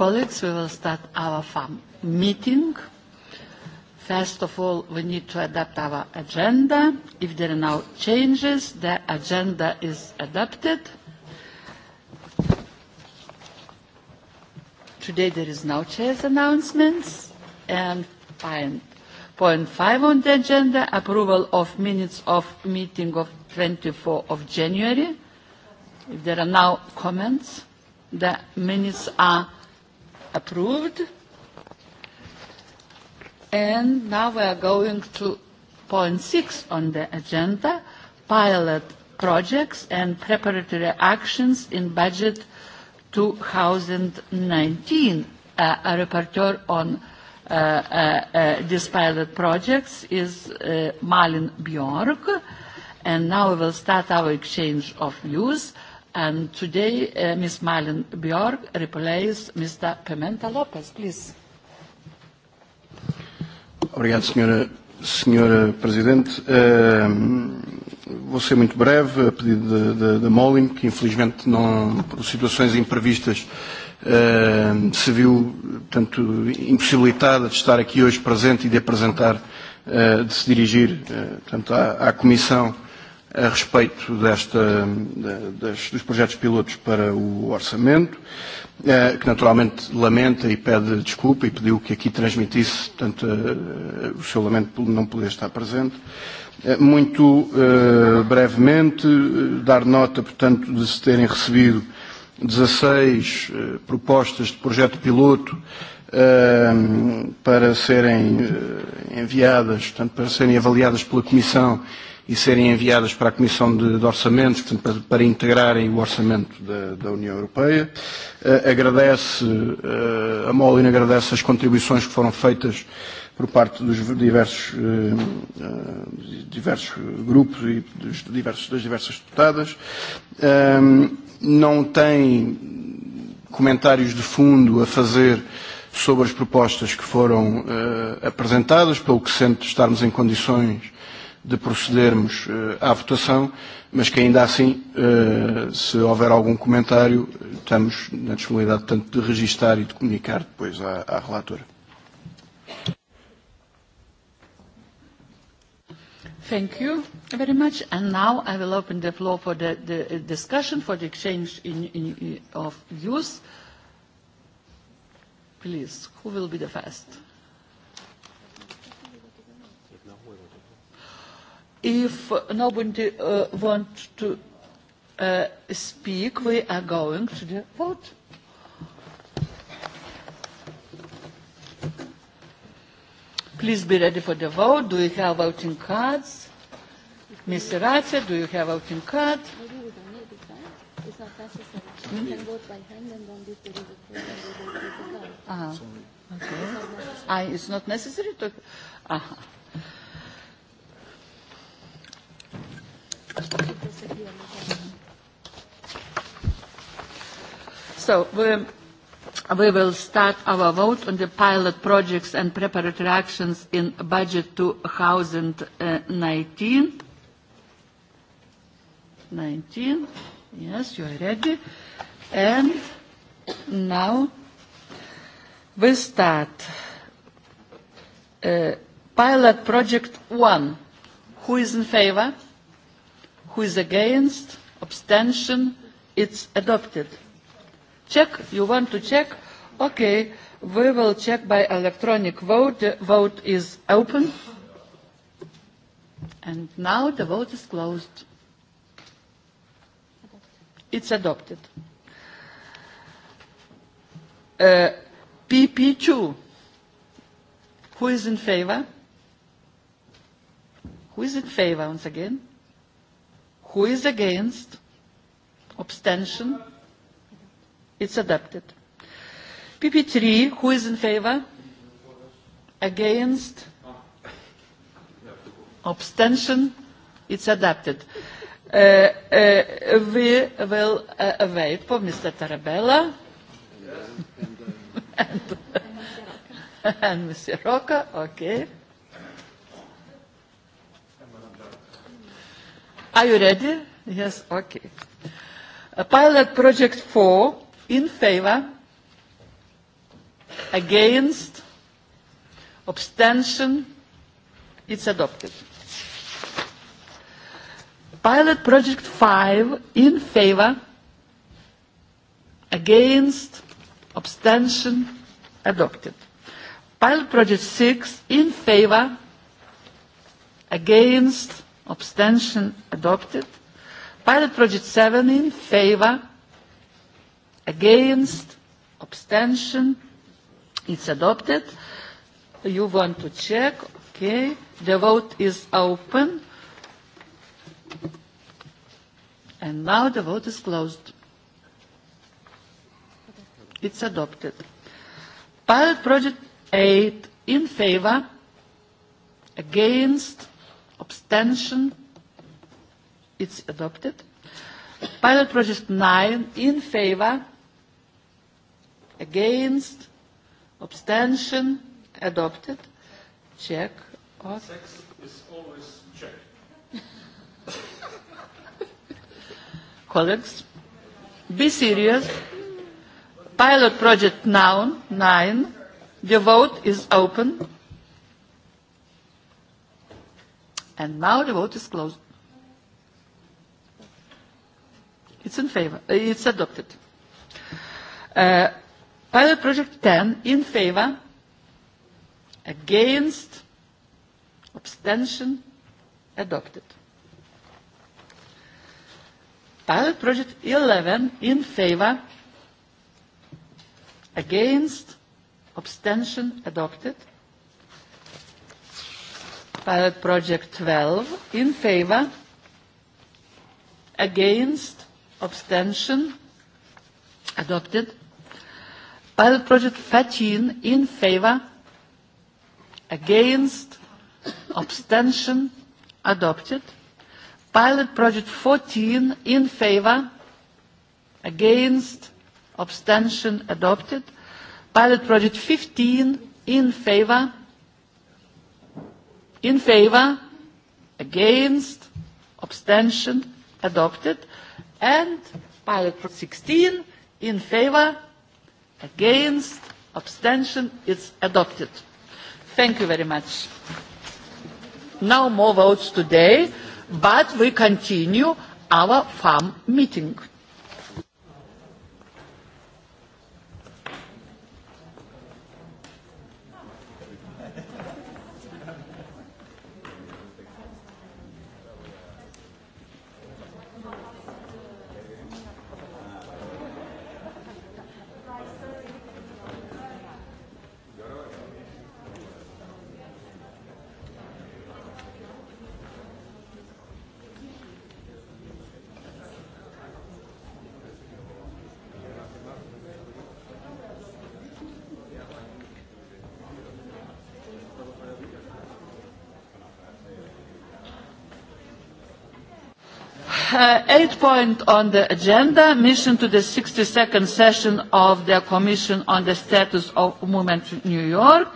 Colleagues, we will start our farm meeting. First of all, we need to adapt our agenda. If there are no changes, the agenda is adopted. Today there is no chair's announcements. And point five on the agenda, approval of minutes of meeting of 24 of January. If there are no comments, the minutes are approved. And now we are going to point six on the agenda, pilot projects and preparatory actions in budget 2019. Uh, a rapporteur on uh, uh, uh, these pilot projects is uh, Malin Bjork. And now we will start our exchange of views. Uh, And today, Ms. Malin Björk replaced Mr. Pimenta Lopez. Please. Obrigado, Senhora, Presidente. vou ser muito breve, a pedido da Molin, que infelizmente, não, por situações imprevistas, se viu portanto, impossibilitada de estar aqui hoje presente e de apresentar, de se dirigir portanto, à, Comissão a respeito desta, das, dos projetos pilotos para o orçamento, que naturalmente lamenta e pede desculpa e pediu que aqui transmitisse tanto o seu lamento por não poder estar presente. Muito brevemente, dar nota, portanto, de se terem recebido 16 propostas de projeto piloto para serem enviadas, portanto, para serem avaliadas pela Comissão e serem enviadas para a Comissão de, de Orçamentos, portanto, para, para integrarem o orçamento da, da União Europeia. Uh, agradece, uh, a Molin agradece as contribuições que foram feitas por parte dos diversos, uh, diversos grupos e dos diversos, das diversas deputadas. Uh, não tem comentários de fundo a fazer sobre as propostas que foram uh, apresentadas, pelo que sente estarmos em condições uh, de procedermos uh, à votação, mas que ainda assim, uh, se houver algum comentário, estamos na disponibilidade tanto de registar e de comunicar depois à, à relatora. Thank you very much. And now I will open the floor for the, the discussion for the exchange in, in, of views. Please, who will be the first? If nobody uh, wants to uh, speak, we are going to the vote. Please be ready for the vote. Do you have voting cards? Ms. Ratia, do you have voting card? Maybe we don't need it, right? It's not necessary. Mm-hmm. We can vote by hand and don't if there is a with the card. Ah, okay. It's not necessary. it's not necessary to... So we will start our vote on the pilot projects and preparatory actions in budget 2019. 19. Yes, you are ready. And now we start. Pilot project one. Who is in favor? Who is against? Abstention? It's adopted. Check? You want to check? Okay. We will check by electronic vote. The vote is open. And now the vote is closed. It's adopted. Uh, PP2. Who is in favor? Who is in favor once again? Who is against? Abstention? It's adopted. PP3, who is in favor? Against? Abstention? It's adopted. Uh, uh, we will uh, wait for Mr. Tarabella. Yes. and, and Mr. Rocca, okay. Are you ready? Yes, okay. A pilot project four in favor, against, abstention, it's adopted. Pilot project five in favor, against, abstention, adopted. Pilot project six in favor, against, abstention adopted. Pilot project 7 in favor, against, abstention, it's adopted. You want to check, okay. The vote is open. And now the vote is closed. It's adopted. Pilot project 8 in favor, against, Abstention? It's adopted. Pilot project nine in favor? Against? Abstention? Adopted. Check. Sex is always check. Colleagues, be serious. Pilot project now, nine. The vote is open. And now the vote is closed. It's in favor. It's adopted. pilot project 10 in favor, against, abstention, adopted. Pilot project 11 in favor, against, abstention, adopted. Pilot Project 12 in favor, against, abstention, adopted. Pilot Project 13 in favor, against, abstention, adopted. Pilot Project 14 in favor, against, abstention, adopted. Pilot Project 15 in favor, in favor against abstention adopted and pilot 16 in favor against abstention is adopted thank you very much no more votes today but we continue our farm meeting uh, eighth point on the agenda, mission to the 62nd session of the Commission on the Status of Women in New York.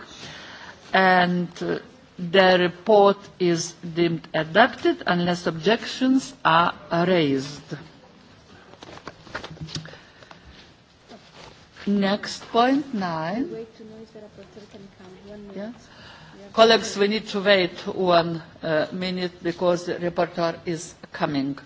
And uh, the report is deemed adopted unless objections are raised. Next point, nine. Colleagues, we need to wait one uh, minute because the reporter is coming.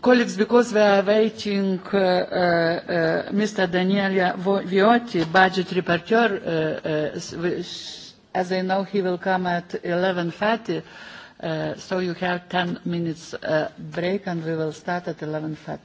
colleagues, because we are waiting uh, uh, Mr. Daniele Viotti, budget rapporteur, uh, uh, as I know he will come at 11.30, uh, so you have 10 minutes uh, break and we will start at 11.30.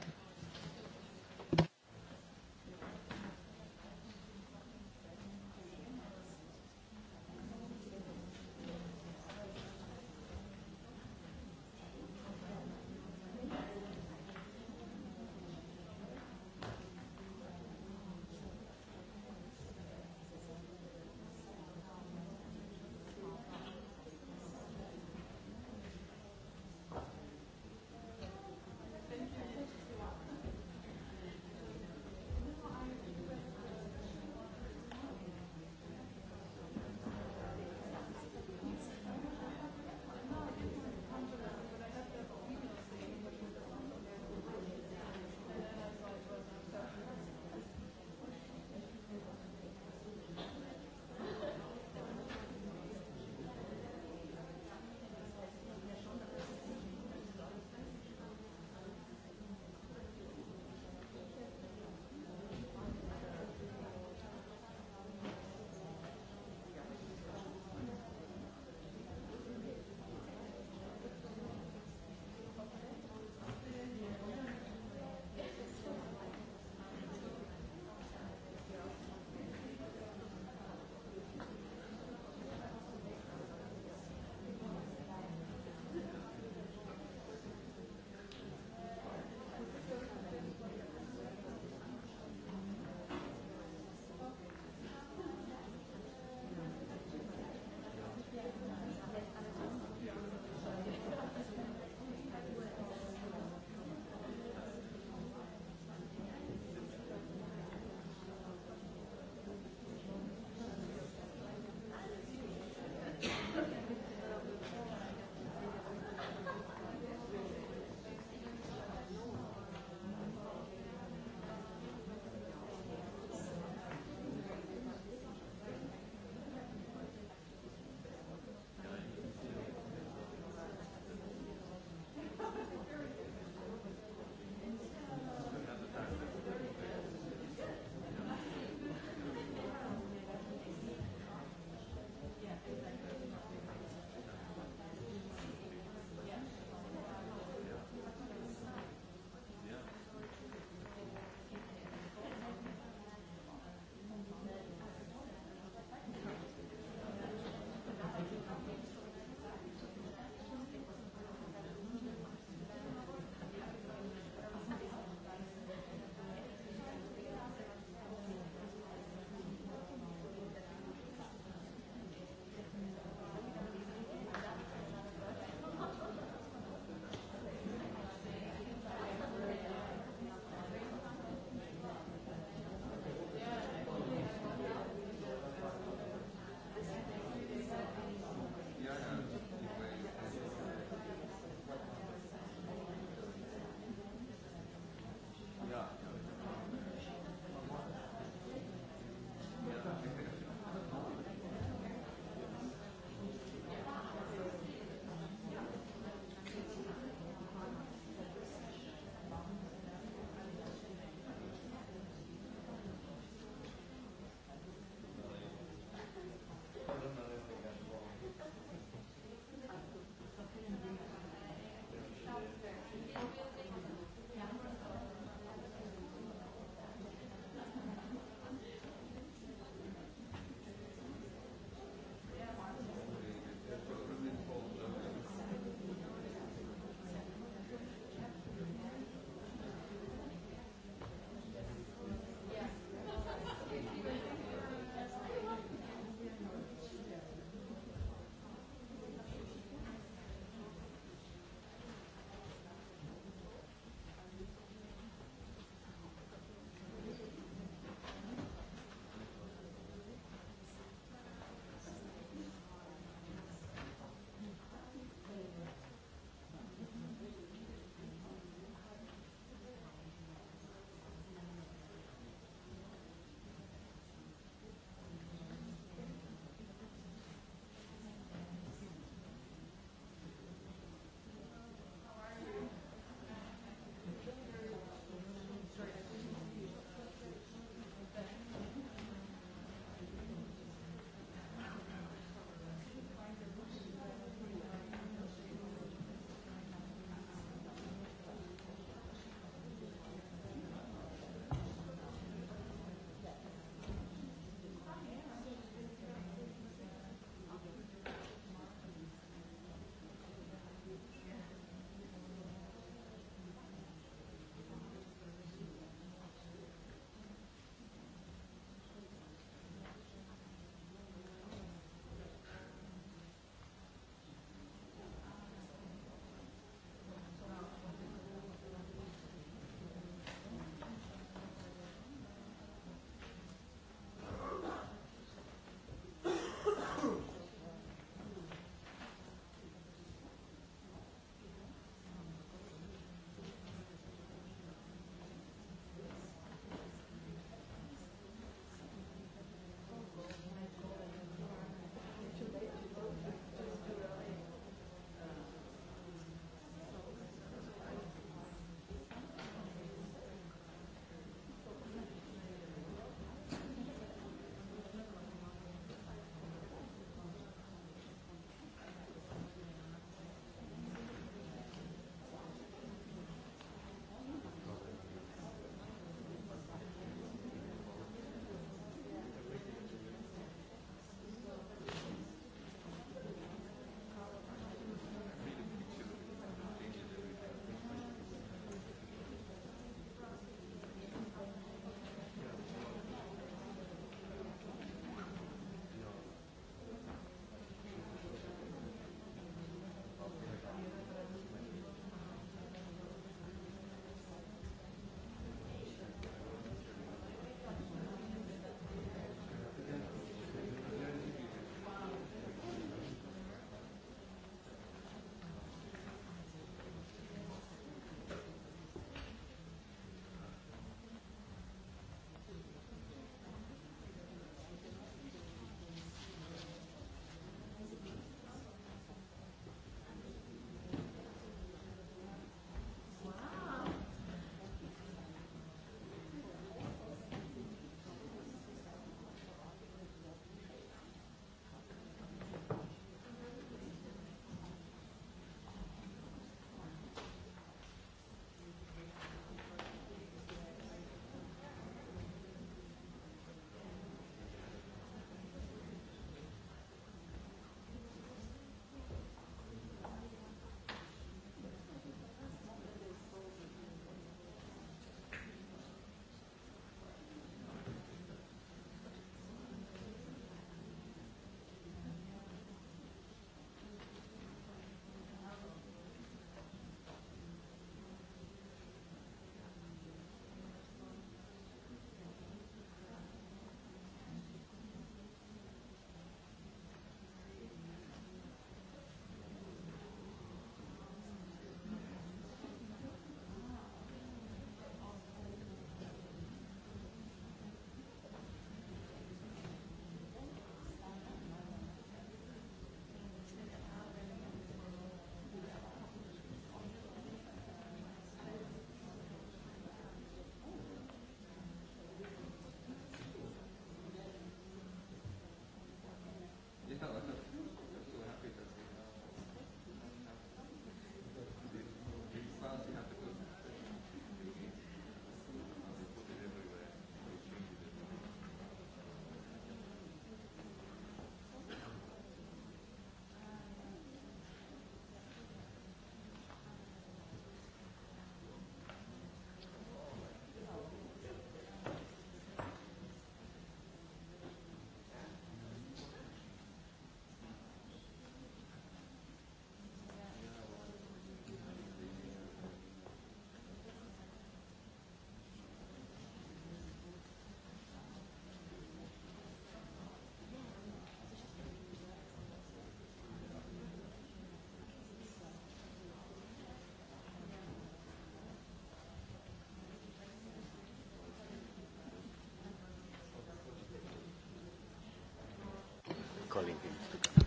calling him to come.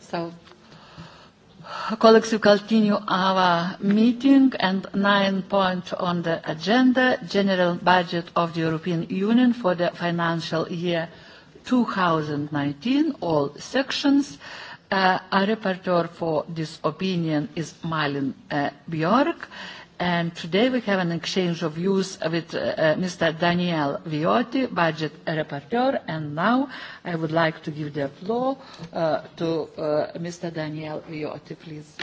So, colleagues, we continue our meeting and nine points on the agenda, general budget of the European Union for the financial year 2019, all sections. Uh, our rapporteur for this opinion is Malin uh, Bjork And today we have an exchange of views with uh, uh, Mr. Daniel Viotti, budget rapporteur. And now I would like to give the floor uh, to uh, Mr. Daniel Viotti, please.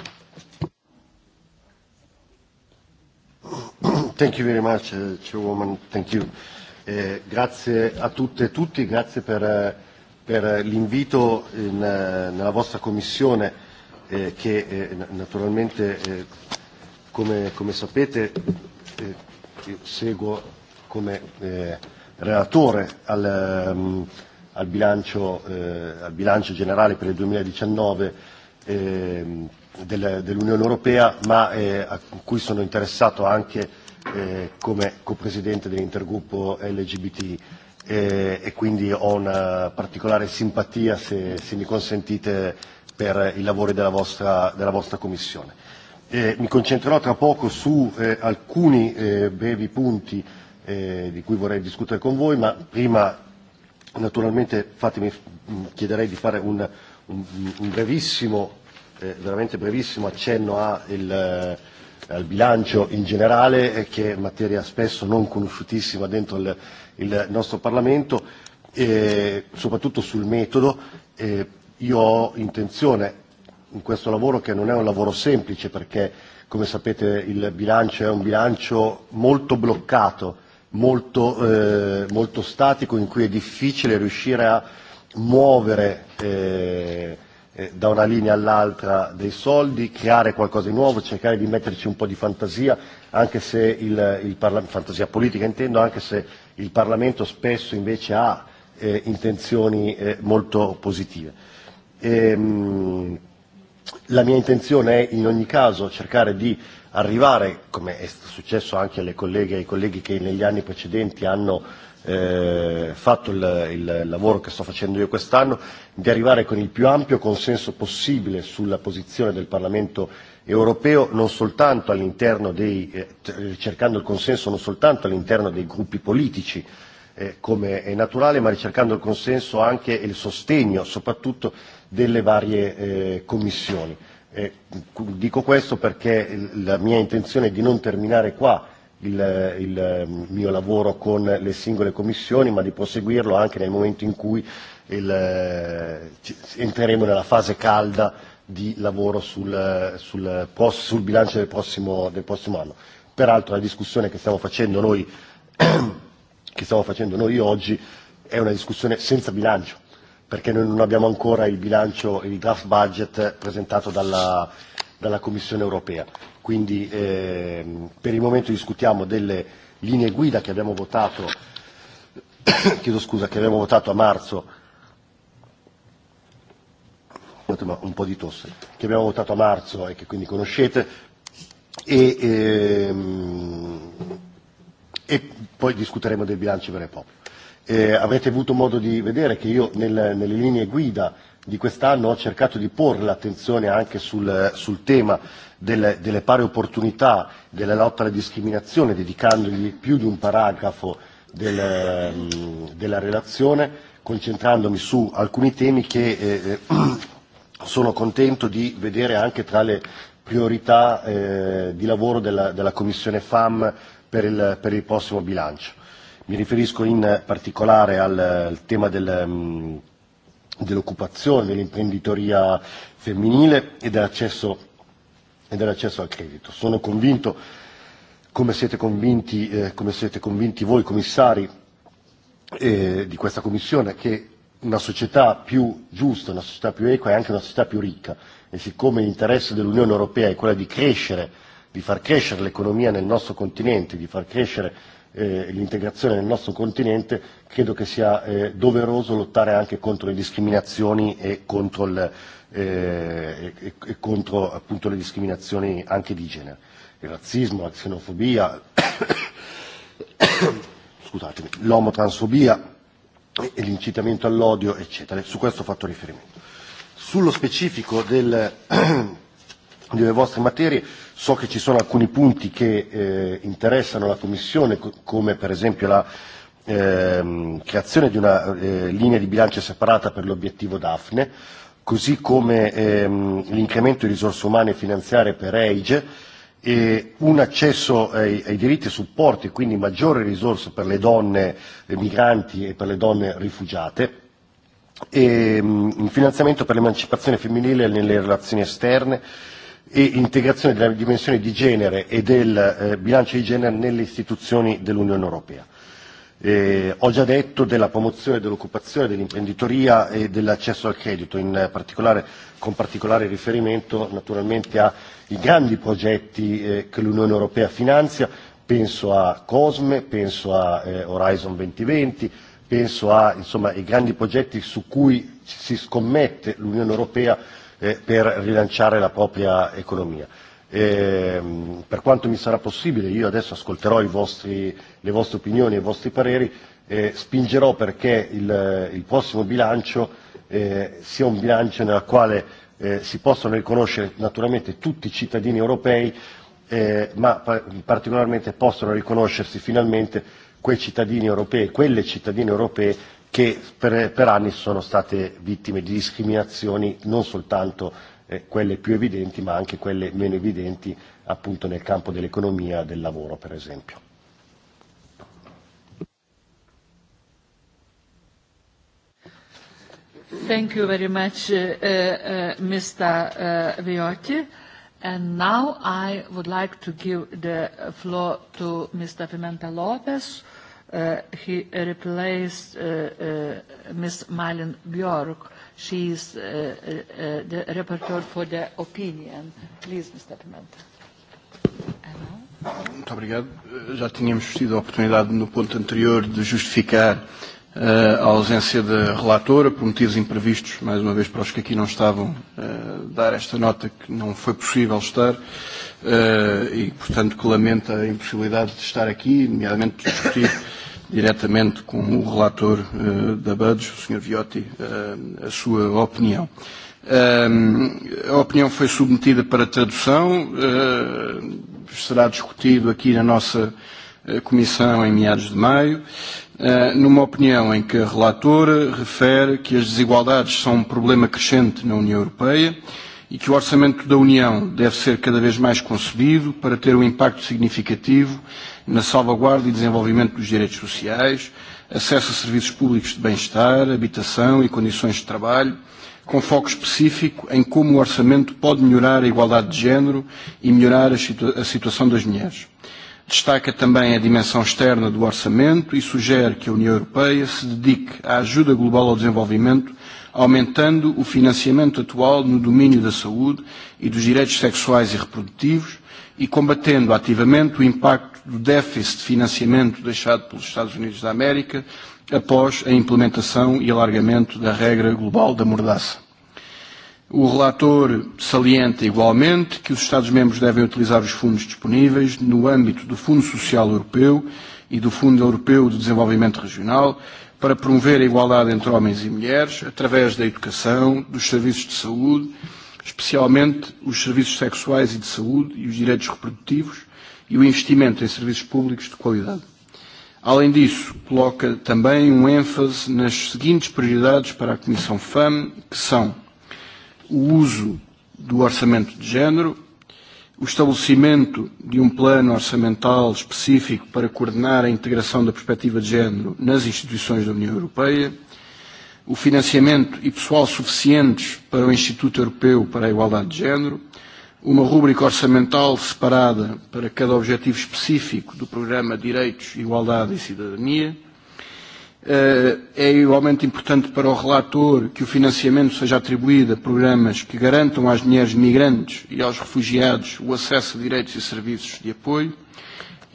Thank you very much, uh, Chairwoman. Thank you. Uh, grazie a tutte e tutti, grazie per, per l'invito in, nella vostra commissione uh, che uh, naturalmente uh, come, come sapete eh, seguo come eh, relatore al, um, al, bilancio, eh, al bilancio generale per il 2019 eh, del, dell'Unione Europea, ma eh, a cui sono interessato anche eh, come copresidente dell'intergruppo LGBT eh, e quindi ho una particolare simpatia, se, se mi consentite, per i lavori della vostra, della vostra Commissione. Eh, mi concentrerò tra poco su eh, alcuni eh, brevi punti eh, di cui vorrei discutere con voi, ma prima naturalmente fatemi, chiederei di fare un, un, un brevissimo, eh, veramente brevissimo accenno a il, eh, al bilancio in generale, che è materia spesso non conosciutissima dentro il, il nostro Parlamento, eh, soprattutto sul metodo. Eh, io ho intenzione in questo lavoro che non è un lavoro semplice perché, come sapete, il bilancio è un bilancio molto bloccato, molto, eh, molto statico, in cui è difficile riuscire a muovere eh, da una linea all'altra dei soldi, creare qualcosa di nuovo, cercare di metterci un po' di fantasia, anche se il, il Parlamento, fantasia politica intendo, anche se il Parlamento spesso invece ha eh, intenzioni eh, molto positive. mh, La mia intenzione è in ogni caso cercare di arrivare, come è successo anche alle colleghe e ai colleghi che negli anni precedenti hanno eh, fatto il, il lavoro che sto facendo io quest'anno, di arrivare con il più ampio consenso possibile sulla posizione del Parlamento europeo, non soltanto all'interno dei, eh, cercando il consenso non soltanto all'interno dei gruppi politici, eh, come è naturale, ma ricercando il consenso anche e il sostegno soprattutto delle varie eh, commissioni. Eh, dico questo perché la mia intenzione è di non terminare qua il, il mio lavoro con le singole commissioni, ma di proseguirlo anche nel momento in cui il, entreremo nella fase calda di lavoro sul, sul, sul bilancio del prossimo, del prossimo anno. Peraltro la discussione che stiamo facendo noi che stiamo facendo noi oggi è una discussione senza bilancio, perché noi non abbiamo ancora il bilancio e il draft budget presentato dalla, dalla Commissione europea. Quindi eh, per il momento discutiamo delle linee guida che abbiamo votato, chiedo scusa, che abbiamo votato a marzo un po' di tosse, che abbiamo votato a marzo e che quindi conoscete, e eh, e poi discuteremo dei bilanci vero e proprio. Eh, avrete avuto modo di vedere che io nel, nelle linee guida di quest'anno ho cercato di porre l'attenzione anche sul, sul tema delle, delle pari opportunità, della lotta alla discriminazione, dedicandogli più di un paragrafo del, della relazione, concentrandomi su alcuni temi che eh, sono contento di vedere anche tra le priorità eh, di lavoro della, della Commissione FAM per il, per il prossimo bilancio. Mi riferisco in particolare al, al tema del, dell'occupazione, dell'imprenditoria femminile e dell'accesso, e dell'accesso al credito. Sono convinto, come siete convinti, eh, come siete convinti voi commissari eh, di questa Commissione, che una società più giusta, una società più equa è anche una società più ricca e siccome l'interesse dell'Unione Europea è quello di crescere di far crescere l'economia nel nostro continente, di far crescere eh, l'integrazione nel nostro continente, credo che sia eh, doveroso lottare anche contro le discriminazioni e contro, il, eh, e, e contro appunto, le discriminazioni anche di genere. Il razzismo, la xenofobia, l'omotransfobia e l'incitamento all'odio, eccetera. Su questo ho fatto riferimento. Sullo specifico del delle vostre materie. So che ci sono alcuni punti che eh, interessano la Commissione, come per esempio la ehm, creazione di una eh, linea di bilancio separata per l'obiettivo Daphne, così come ehm, l'incremento di risorse umane e finanziarie per EIGE, e un accesso ai, ai diritti e supporti, quindi maggiori risorse per le donne migranti e per le donne rifugiate, e un finanziamento per l'emancipazione femminile nelle relazioni esterne e integrazione della dimensione di genere e del eh, bilancio di genere nelle istituzioni dell'Unione Europea. Eh, ho già detto della promozione dell'occupazione, dell'imprenditoria e dell'accesso al credito, in particolare, con particolare riferimento naturalmente ai grandi progetti eh, che l'Unione Europea finanzia, penso a Cosme, penso a eh, Horizon 2020, penso a insomma, ai grandi progetti su cui si scommette l'Unione Europea eh, per rilanciare la propria economia. E, per quanto mi sarà possibile, io adesso ascolterò i vostri, le vostre opinioni e i vostri pareri, eh, spingerò perché il, il prossimo bilancio eh, sia un bilancio nel quale eh, si possono riconoscere naturalmente tutti i cittadini europei, eh, ma pa- particolarmente possono riconoscersi finalmente quei cittadini europei, quelle cittadine europee che per, per anni sono state vittime di discriminazioni non soltanto eh, quelle più evidenti ma anche quelle meno evidenti appunto nel campo dell'economia, del lavoro per esempio. Thank you very much, uh, uh, Mr. Uh, Viotti. And now I would like to give the floor to Mr. Pimenta Lopez, he replaced Ms. Malin Björk. She is the rapporteur for the opinion. Please, Mr. Pimenta. Muito obrigado. Já tínhamos tido a oportunidade no ponto anterior de justificar a ausência da relatora por motivos imprevistos, mais uma vez para os que aqui não estavam, dar esta nota que não foi possível estar e, portanto, que lamento a impossibilidade de estar aqui, nomeadamente discutir diretamente com o relator uh, da BUDS, o Sr. Viotti, uh, a sua opinião. Uh, a opinião foi submetida para tradução, uh, será discutido aqui na nossa uh, comissão em meados de maio, uh, numa opinião em que a relatora refere que as desigualdades são um problema crescente na União Europeia, uh, e que o orçamento da União deve ser cada vez mais concebido para ter um impacto significativo na salvaguarda e desenvolvimento dos direitos sociais, acesso a serviços públicos de bem-estar, habitação e condições de trabalho, com foco específico em como o orçamento pode melhorar a igualdade de género e melhorar a, situa a situação das mulheres. Destaca também a dimensão externa do orçamento e sugere que a União Europeia se dedique à ajuda global ao desenvolvimento aumentando o financiamento atual no domínio da saúde e dos direitos sexuais e reprodutivos e combatendo ativamente o impacto do déficit de financiamento deixado pelos Estados Unidos da América após a implementação e alargamento da regra global da mordaça. O relator salienta igualmente que os Estados-membros devem utilizar os fundos disponíveis no âmbito do Fundo Social Europeu e do Fundo Europeu de Desenvolvimento Regional para promover a igualdade entre homens e mulheres através da educação, dos serviços de saúde, especialmente os serviços sexuais e de saúde e os direitos reprodutivos e o investimento em serviços públicos de qualidade. Além disso, coloca também um ênfase nas seguintes prioridades para a Comissão FAM, que são o uso do orçamento de género, o estabelecimento de um plano orçamental específico para coordenar a integração da perspectiva de género nas instituições da União Europeia, o financiamento e pessoal suficientes para o Instituto Europeu para a Igualdade de Género, uma rúbrica orçamental separada para cada objetivo específico do Programa Direitos, Igualdade e Cidadania, é igualmente importante para o relator que o financiamento seja atribuído a programas que garantam às mulheres migrantes e aos refugiados o acesso a direitos e serviços de apoio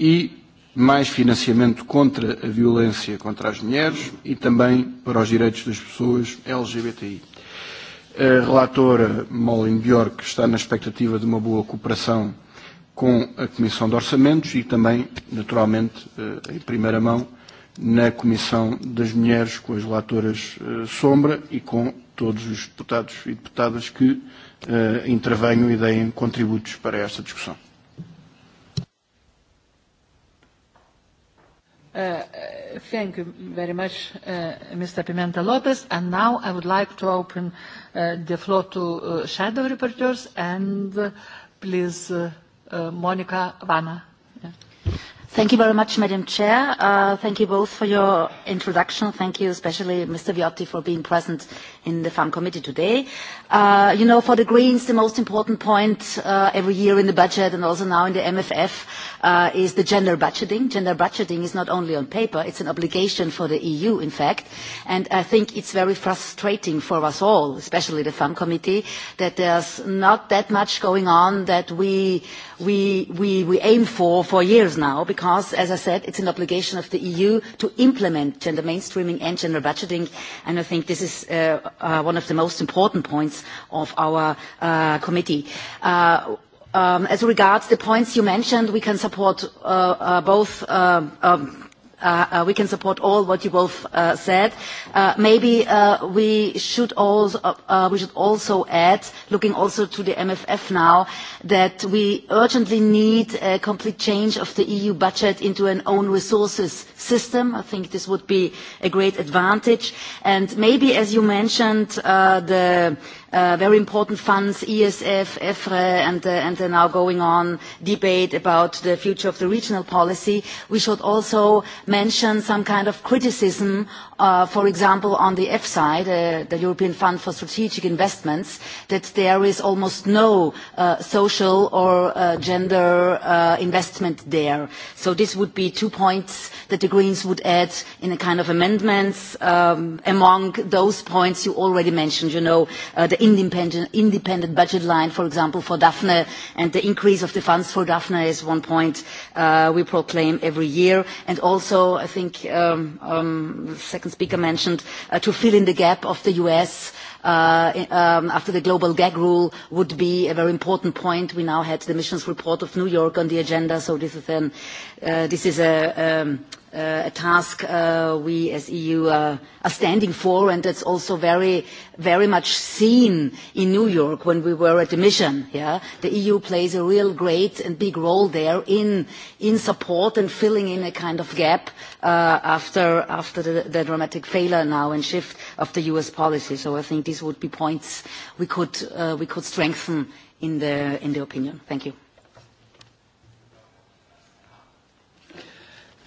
e mais financiamento contra a violência contra as mulheres e também para os direitos das pessoas LGBTI. A relatora Molin Bjork está na expectativa de uma boa cooperação com a Comissão de Orçamentos e também, naturalmente, em primeira mão, na Comissão das Mulheres, com as relatoras uh, Sombra e com todos os deputados e deputadas que uh, intervenham e deem contributos para esta discussão. Uh, thank you very much, uh, Mr. Pimenta Lopez. And now I would like to open uh, the floor to uh, shadow reporters and uh, please, uh, uh, Monica Vanna. Yeah. Thank you very much, Madam Chair. Uh, thank you both for your introduction. Thank you especially, Mr. Viotti, for being present in the Farm Committee today. Uh, you know, for the Greens, the most important point uh, every year in the budget and also now in the MFF uh, is the gender budgeting. Gender budgeting is not only on paper, it's an obligation for the EU, in fact. And I think it's very frustrating for us all, especially the Farm Committee, that there's not that much going on that we, we, we, we aim for for years now, because, as I said, it's an obligation of the EU to implement gender mainstreaming and gender budgeting, and I think this is uh, uh, one of the most important points of our uh, committee. Uh, um, as regards the points you mentioned, we can support uh, uh, both uh, um, uh, we can support all what you both uh, said. Uh, maybe uh, we should also uh, we should also add, looking also to the MFF now, that we urgently need a complete change of the EU budget into an own resources system. I think this would be a great advantage. And maybe, as you mentioned, uh, the very important funds, ESF, EFRE, and the, and the now going on debate about the future of the regional policy, we should also mention some kind of criticism for example, on the EFSI, the European Fund for Strategic Investments, that there is almost no social or gender investment there. So this would be two points that the Greens would add in a kind of amendments among those points you already mentioned, you know, the independent budget line, for example, for Daphne, and the increase of the funds for Daphne is one point we proclaim every year. And also, I think, second the Speaker mentioned, uh, to fill in the gap of the US after the global gag rule would be a very important point. We now had the missions report of New York on the agenda, so this is, an, uh, this is a, um, a task we as EU are standing for, and is also very, very much seen in New York when we were at the mission. Yeah, the EU plays a real great and big role there in in support and filling in a kind of gap after after the, the dramatic failure now and shift of the US policy. So I think these would be points we could we could strengthen in the in the opinion. Thank you.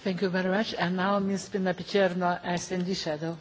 Thank you very much. And now Ms. Pina Picerno, Shadow.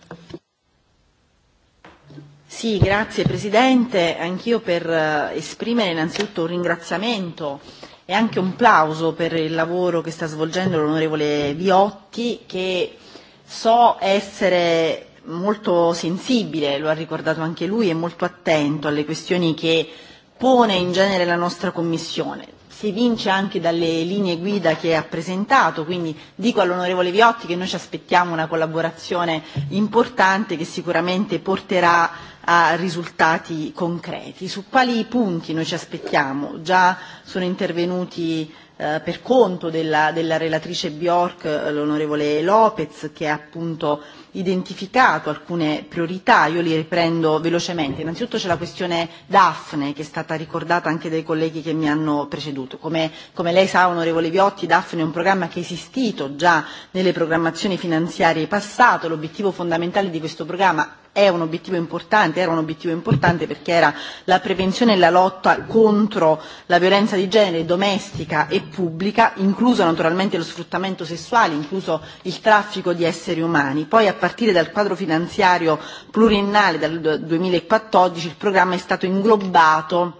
Sì, grazie Presidente. Anch'io per esprimere innanzitutto un ringraziamento e anche un plauso per il lavoro che sta svolgendo l'onorevole Viotti che so essere molto sensibile, lo ha ricordato anche lui, e molto attento alle questioni che pone in genere la nostra Commissione si evince anche dalle linee guida che ha presentato, quindi dico all'onorevole Viotti che noi ci aspettiamo una collaborazione importante che sicuramente porterà a risultati concreti. Su quali punti noi ci aspettiamo? Già sono intervenuti per conto della, della relatrice Bjork, l'onorevole Lopez, che ha appunto identificato alcune priorità, io li riprendo velocemente. Innanzitutto c'è la questione Daphne, che è stata ricordata anche dai colleghi che mi hanno preceduto. Come, come lei sa, onorevole Viotti, Daphne è un programma che è esistito già nelle programmazioni finanziarie passate. L'obiettivo fondamentale di questo programma è un obiettivo importante, era un obiettivo importante perché era la prevenzione e la lotta contro la violenza di genere domestica e pubblica, incluso naturalmente lo sfruttamento sessuale, incluso il traffico di esseri umani. Poi a partire dal quadro finanziario pluriennale dal 2014 il programma è stato inglobato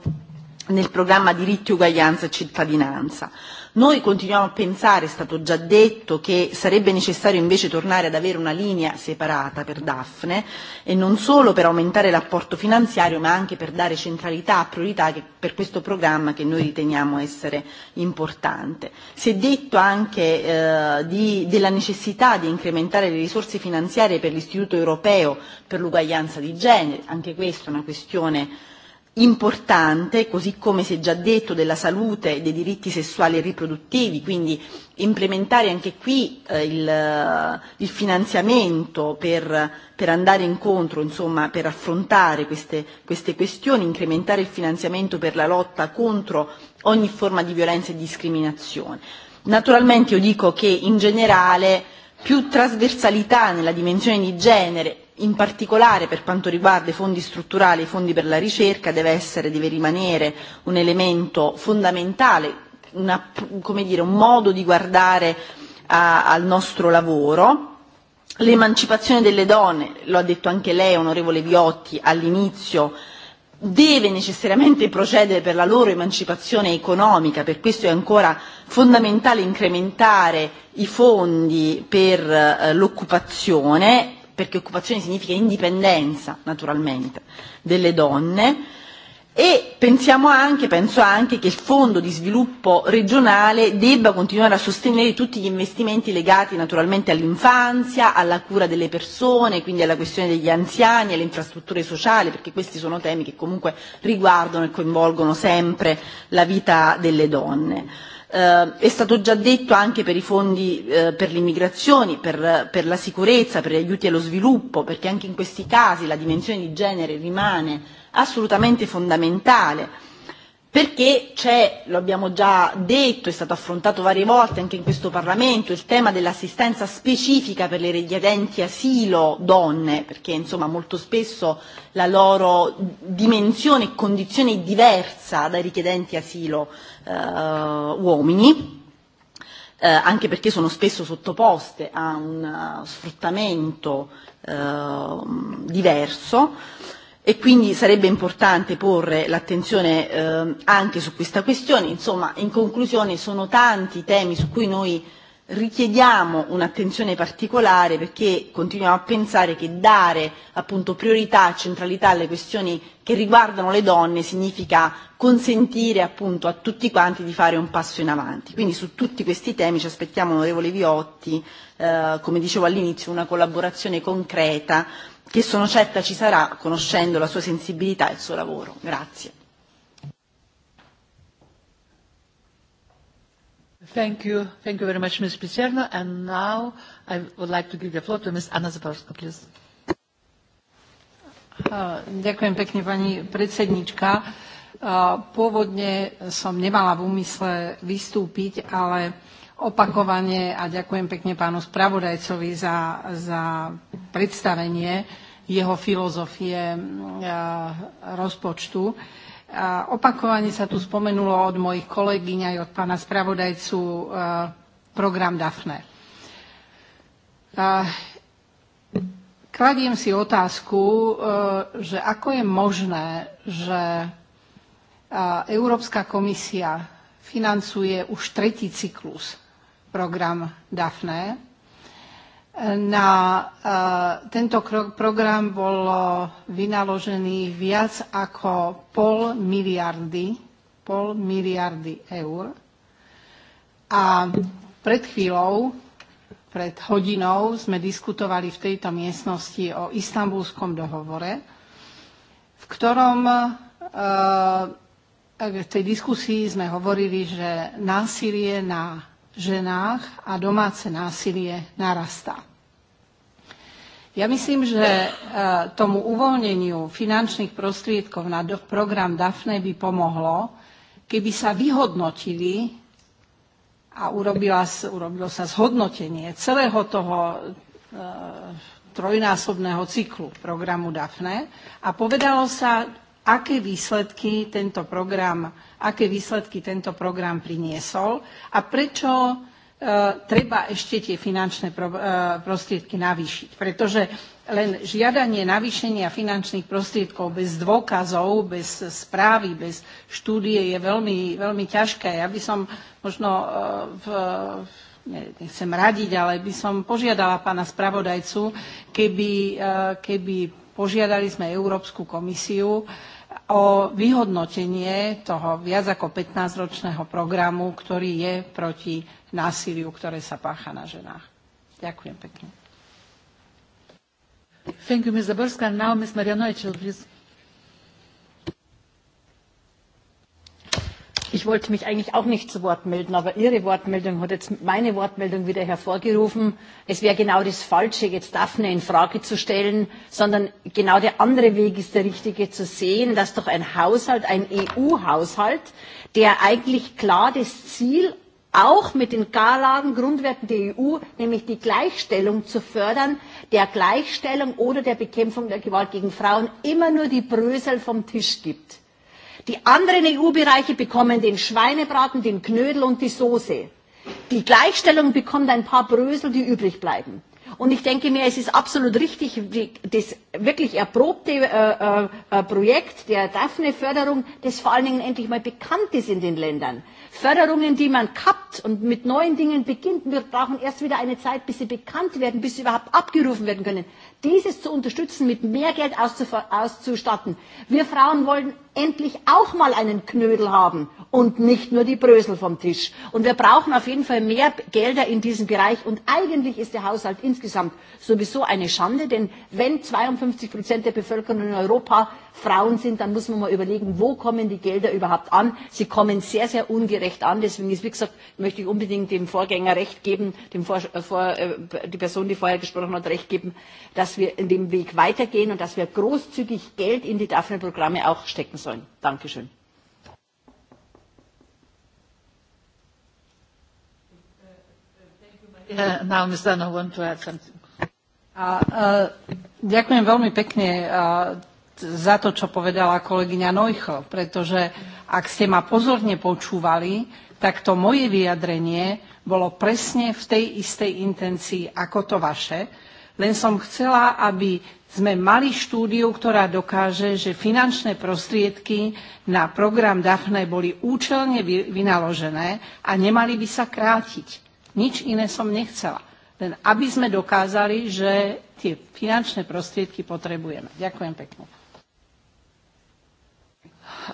nel programma diritti, uguaglianza e cittadinanza. Noi continuiamo a pensare, è stato già detto, che sarebbe necessario invece tornare ad avere una linea separata per Daphne e non solo per aumentare l'apporto finanziario ma anche per dare centralità a priorità che, per questo programma che noi riteniamo essere importante. Si è detto anche eh, di, della necessità di incrementare le risorse finanziarie per l'Istituto europeo per l'uguaglianza di genere, anche questa è una questione importante, così come si è già detto, della salute e dei diritti sessuali e riproduttivi, quindi implementare anche qui eh, il, il finanziamento per, per andare incontro, insomma, per affrontare queste, queste questioni, incrementare il finanziamento per la lotta contro ogni forma di violenza e discriminazione. Naturalmente io dico che in generale più trasversalità nella dimensione di genere in particolare per quanto riguarda i fondi strutturali e i fondi per la ricerca deve essere, deve rimanere un elemento fondamentale, una, come dire, un modo di guardare a, al nostro lavoro. L'emancipazione delle donne, lo ha detto anche lei, onorevole Viotti, all'inizio, deve necessariamente procedere per la loro emancipazione economica, per questo è ancora fondamentale incrementare i fondi per l'occupazione perché occupazione significa indipendenza naturalmente delle donne e pensiamo anche, penso anche che il fondo di sviluppo regionale debba continuare a sostenere tutti gli investimenti legati naturalmente all'infanzia, alla cura delle persone, quindi alla questione degli anziani, alle infrastrutture sociali, perché questi sono temi che comunque riguardano e coinvolgono sempre la vita delle donne. Eh, è stato già detto anche per i fondi eh, per le immigrazioni, per, per la sicurezza, per gli aiuti allo sviluppo, perché anche in questi casi la dimensione di genere rimane assolutamente fondamentale perché c'è, lo abbiamo già detto, è stato affrontato varie volte anche in questo Parlamento, il tema dell'assistenza specifica per le richiedenti asilo donne, perché insomma molto spesso la loro dimensione e condizione è diversa dai richiedenti asilo eh, uomini eh, anche perché sono spesso sottoposte a un uh, sfruttamento eh, diverso. Eh, e quindi sarebbe importante porre l'attenzione eh, anche su questa questione. Insomma, in conclusione sono tanti i temi su cui noi richiediamo un'attenzione particolare perché continuiamo a pensare che dare appunto priorità e centralità alle questioni che riguardano le donne significa consentire appunto a tutti quanti di fare un passo in avanti. Quindi su tutti questi temi ci aspettiamo, onorevole Viotti, eh, come dicevo all'inizio, una collaborazione concreta che sono certa ci sarà conoscendo la sua sensibilità e il suo lavoro. Grazie. Thank you. Thank you very much, Ms. Pizzerno. And now I would like to give the floor to Ms. Anna Zaborska, please. Ďakujem pekne, pani predsednička. Pôvodne som nemala v úmysle vystúpiť, ale opakovane a ďakujem pekne pánu spravodajcovi za, za predstavenie jeho filozofie rozpočtu. Opakovane sa tu spomenulo od mojich kolegyň aj od pána spravodajcu program DAFNE. Kladiem si otázku, že ako je možné, že Európska komisia financuje už tretí cyklus program DAFNE. Na tento program bolo vynaložený viac ako pol miliardy, pol miliardy eur. A pred chvíľou, pred hodinou sme diskutovali v tejto miestnosti o istambulskom dohovore, v ktorom v tej diskusii sme hovorili, že násilie na ženách a domáce násilie narastá. Ja myslím, že tomu uvoľneniu finančných prostriedkov na program DAFNE by pomohlo, keby sa vyhodnotili a urobila, urobilo sa zhodnotenie celého toho trojnásobného cyklu programu DAFNE a povedalo sa, aké výsledky tento program, aké výsledky tento program priniesol a prečo treba ešte tie finančné prostriedky navýšiť. Pretože len žiadanie navýšenia finančných prostriedkov bez dôkazov, bez správy, bez štúdie je veľmi, veľmi ťažké. Ja by som možno v, nechcem radiť, ale by som požiadala pána spravodajcu, keby, keby požiadali sme Európsku komisiu, o vyhodnotenie toho viac ako 15-ročného programu, ktorý je proti násiliu, ktoré sa pácha na ženách. Ďakujem pekne. Thank you, Ms. Zaborska. Now, Ms. Marianoichel, please. Ich wollte mich eigentlich auch nicht zu Wort melden, aber Ihre Wortmeldung hat jetzt meine Wortmeldung wieder hervorgerufen. Es wäre genau das Falsche, jetzt Daphne in Frage zu stellen, sondern genau der andere Weg ist der richtige zu sehen, dass doch ein Haushalt, ein EU-Haushalt, der eigentlich klar das Ziel auch mit den klaren Grundwerten der EU, nämlich die Gleichstellung zu fördern, der Gleichstellung oder der Bekämpfung der Gewalt gegen Frauen immer nur die Brösel vom Tisch gibt Die anderen EU-Bereiche bekommen den Schweinebraten, den Knödel und die Soße. Die Gleichstellung bekommt ein paar Brösel, die übrig bleiben. Und ich denke mir, es ist absolut richtig, das wirklich erprobte Projekt der Daphne-Förderung, das vor allen Dingen endlich mal bekannt ist in den Ländern. Förderungen, die man kappt und mit neuen Dingen beginnt, wir brauchen erst wieder eine Zeit, bis sie bekannt werden, bis sie überhaupt abgerufen werden können. Dieses zu unterstützen, mit mehr Geld auszustatten. Wir Frauen wollen endlich auch mal einen Knödel haben und nicht nur die Brösel vom Tisch. Und wir brauchen auf jeden Fall mehr Gelder in diesem Bereich. Und eigentlich ist der Haushalt insgesamt sowieso eine Schande, denn wenn 52 Prozent der Bevölkerung in Europa Frauen sind, dann muss man mal überlegen, wo kommen die Gelder überhaupt an. Sie kommen sehr, sehr ungerecht an. Deswegen ist, wie gesagt, möchte ich unbedingt dem Vorgänger recht geben, dem Vor vor die Person, die vorher gesprochen hat, recht geben, dass wir in dem Weg weitergehen und dass wir großzügig Geld in die Daphne-Programme auch stecken sollen. Dankeschön. Ďakujem veľmi pekne za to, čo povedala kolegyňa Nojcho, pretože ak ste ma pozorne počúvali, tak to moje vyjadrenie bolo presne v tej istej intencii ako to vaše. Len som chcela, aby sme mali štúdiu, ktorá dokáže, že finančné prostriedky na program DAFNE boli účelne vynaložené a nemali by sa krátiť. Nič iné som nechcela. Len aby sme dokázali, že tie finančné prostriedky potrebujeme. Ďakujem pekne.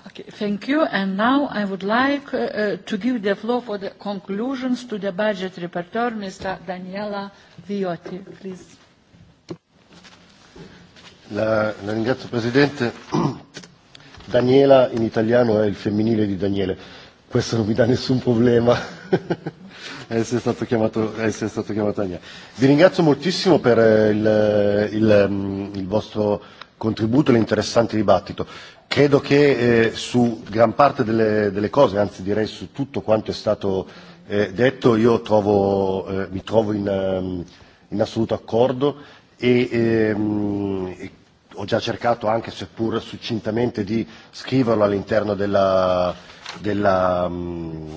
Okay, thank you. And now I would like uh, to give the floor for the conclusions to the budget reporter, Mr. Daniela Viotti, please. La, la ringrazio Presidente. Daniela in italiano è il femminile di Daniele. Questo non mi dà nessun problema essere stato chiamato, essere stato chiamato Daniele. Vi ringrazio moltissimo per il, il, il vostro contributo e l'interessante dibattito credo che eh, su gran parte delle, delle cose, anzi direi su tutto quanto è stato eh, detto, io trovo, eh, mi trovo in, um, in assoluto accordo e, ehm, e ho già cercato anche, seppur succintamente, di scriverlo all'interno della, della um,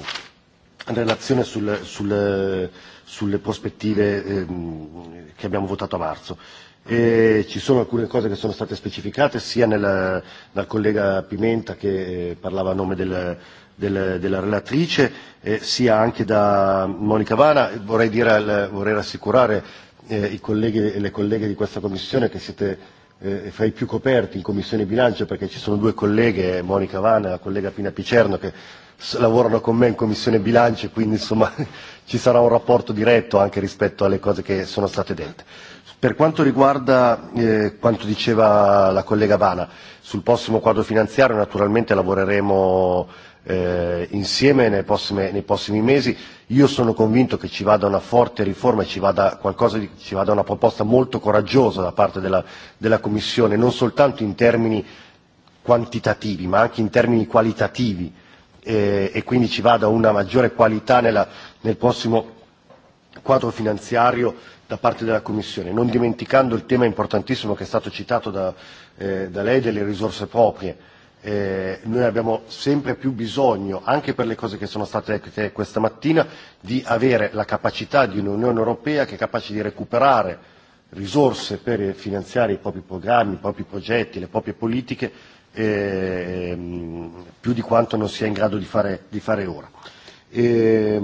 relazione sul, sul, sulle prospettive ehm, che abbiamo votato a marzo. E ci sono alcune cose che sono state specificate sia nel, dal collega Pimenta che parlava a nome del, del, della relatrice, eh, sia anche da Monica Vana. Vorrei, dire, vorrei rassicurare eh, i colleghi e le colleghe di questa Commissione che siete eh, fra i più coperti in Commissione Bilancio perché ci sono due colleghe, Monica Vana e la collega Pina Picerno, che lavorano con me in Commissione Bilancio e quindi insomma ci sarà un rapporto diretto anche rispetto alle cose che sono state dette. Per quanto riguarda eh, quanto diceva la collega Vana, sul prossimo quadro finanziario naturalmente lavoreremo eh, insieme nei prossimi, nei prossimi mesi. Io sono convinto che ci vada una forte riforma, ci vada, qualcosa di, ci vada una proposta molto coraggiosa da parte della, della Commissione, non soltanto in termini quantitativi ma anche in termini qualitativi eh, e quindi ci vada una maggiore qualità nella, nel prossimo quadro finanziario da parte della Commissione, non dimenticando il tema importantissimo che è stato citato da, eh, da lei delle risorse proprie. Eh, noi abbiamo sempre più bisogno, anche per le cose che sono state dette questa mattina, di avere la capacità di un'Unione Europea che è capace di recuperare risorse per finanziare i propri programmi, i propri progetti, le proprie politiche, eh, più di quanto non sia in grado di fare, di fare ora. Eh,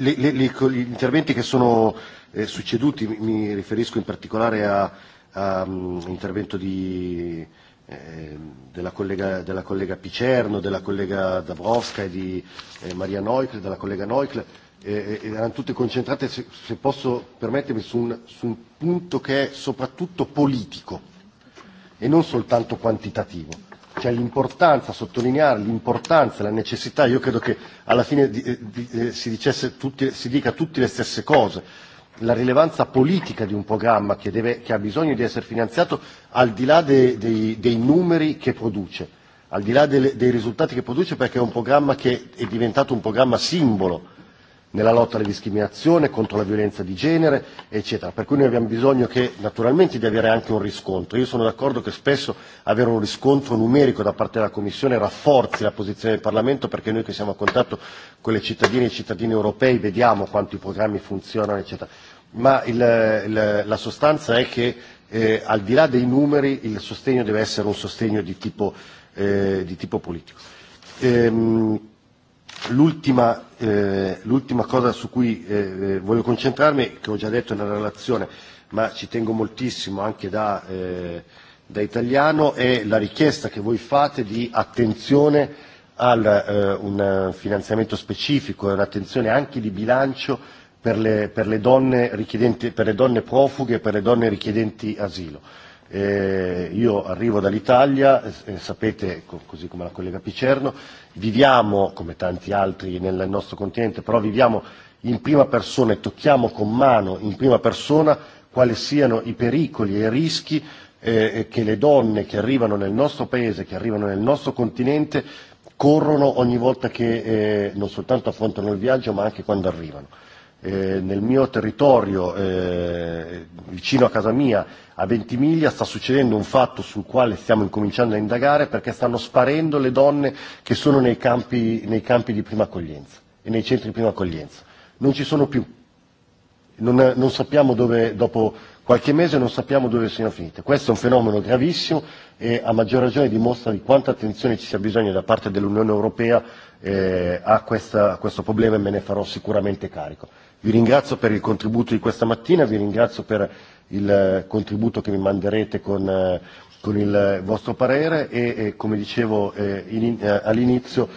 le, le, le, gli interventi che sono eh, succeduti, mi riferisco in particolare a, um, eh, della, collega, della collega Picerno, della collega Dabrowska e di eh, Maria Neukle, della collega Neukle, eh, erano tutte concentrate, se, se posso permettermi, su un, su un punto che è soprattutto politico e non soltanto quantitativo cioè l'importanza, sottolineare l'importanza, la necessità, io credo che alla fine di, di, di, si, dicesse tutti, si dica tutte le stesse cose, la rilevanza politica di un programma che, deve, che ha bisogno di essere finanziato al di là dei, de, dei numeri che produce, al di là de, dei risultati che produce perché è un programma che è diventato un programma simbolo nella lotta alle discriminazioni, contro la violenza di genere, eccetera. Per cui noi abbiamo bisogno che, naturalmente di avere anche un riscontro. Io sono d'accordo che spesso avere un riscontro numerico da parte della Commissione rafforzi la posizione del Parlamento perché noi che siamo a contatto con le cittadine e i cittadini europei vediamo quanto i programmi funzionano, eccetera. Ma il, il, la sostanza è che eh, al di là dei numeri il sostegno deve essere un sostegno di tipo, eh, di tipo politico. Ehm, L'ultima, eh, l'ultima cosa su cui eh, voglio concentrarmi, che ho già detto nella relazione, ma ci tengo moltissimo anche da, eh, da italiano, è la richiesta che voi fate di attenzione al eh, un finanziamento specifico e un'attenzione anche di bilancio per le, per, le donne per le donne profughe e per le donne richiedenti asilo Eh, io arrivo dall'Italia, eh, sapete, co- così come la collega Picerno, viviamo, come tanti altri nel nostro continente, però viviamo in prima persona e tocchiamo con mano in prima persona quali siano i pericoli e i rischi eh, che le donne che arrivano nel nostro paese, che arrivano nel nostro continente, corrono ogni volta che eh, non soltanto affrontano il viaggio ma anche quando arrivano eh, nel mio territorio, eh, vicino a casa mia, a Ventimiglia, sta succedendo un fatto sul quale stiamo incominciando a indagare perché stanno sparendo le donne che sono nei campi, nei campi di prima accoglienza e nei centri di prima accoglienza. Non ci sono più. Non, non sappiamo dove, dopo qualche mese non sappiamo dove siano finite. Questo è un fenomeno gravissimo e a maggior ragione dimostra di quanta attenzione ci sia bisogno da parte dell'Unione Europea eh, a, questa, a questo problema e me ne farò sicuramente carico Vi ringrazio per il contributo di questa mattina, vi ringrazio per il contributo che mi manderete con, con il vostro parere e, e come dicevo eh, in, eh, all'inizio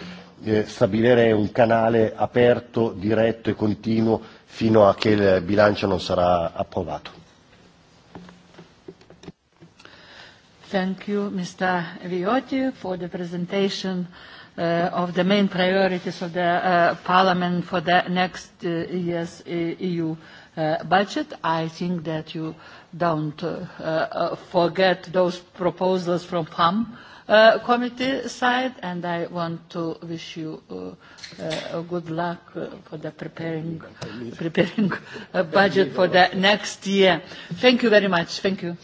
eh, stabilire un canale aperto, diretto e continuo fino a che il bilancio non sarà approvato. Thank you, Mr. Viotti, for the presentation uh, of the main priorities of the uh, Parliament for the next uh, year's uh, EU uh, budget. I think that you don't uh, uh, forget those proposals from PAM uh, committee side, and I want to wish you uh, uh, good luck uh, for the preparing, preparing a budget for the next year. Thank you very much. Thank you.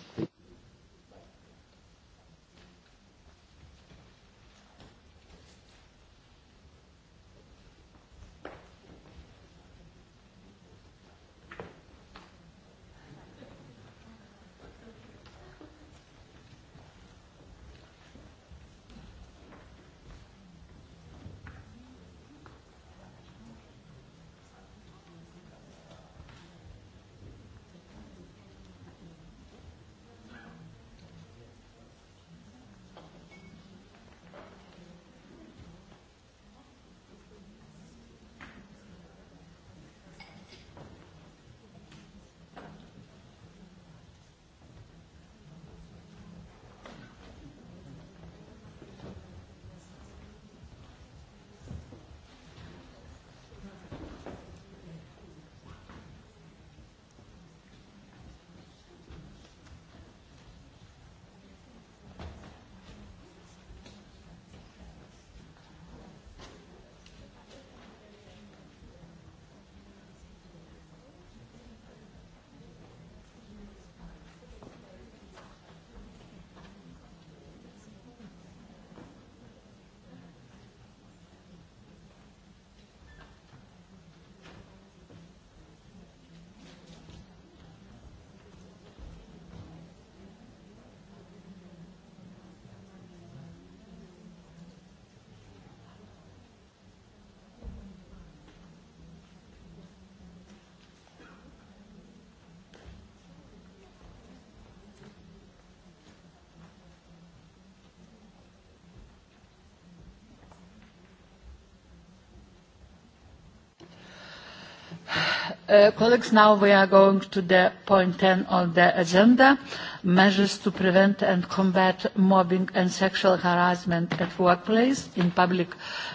Colleagues, now we are going to the point 10 on the agenda, measures to prevent and combat mobbing and sexual harassment at workplace, in public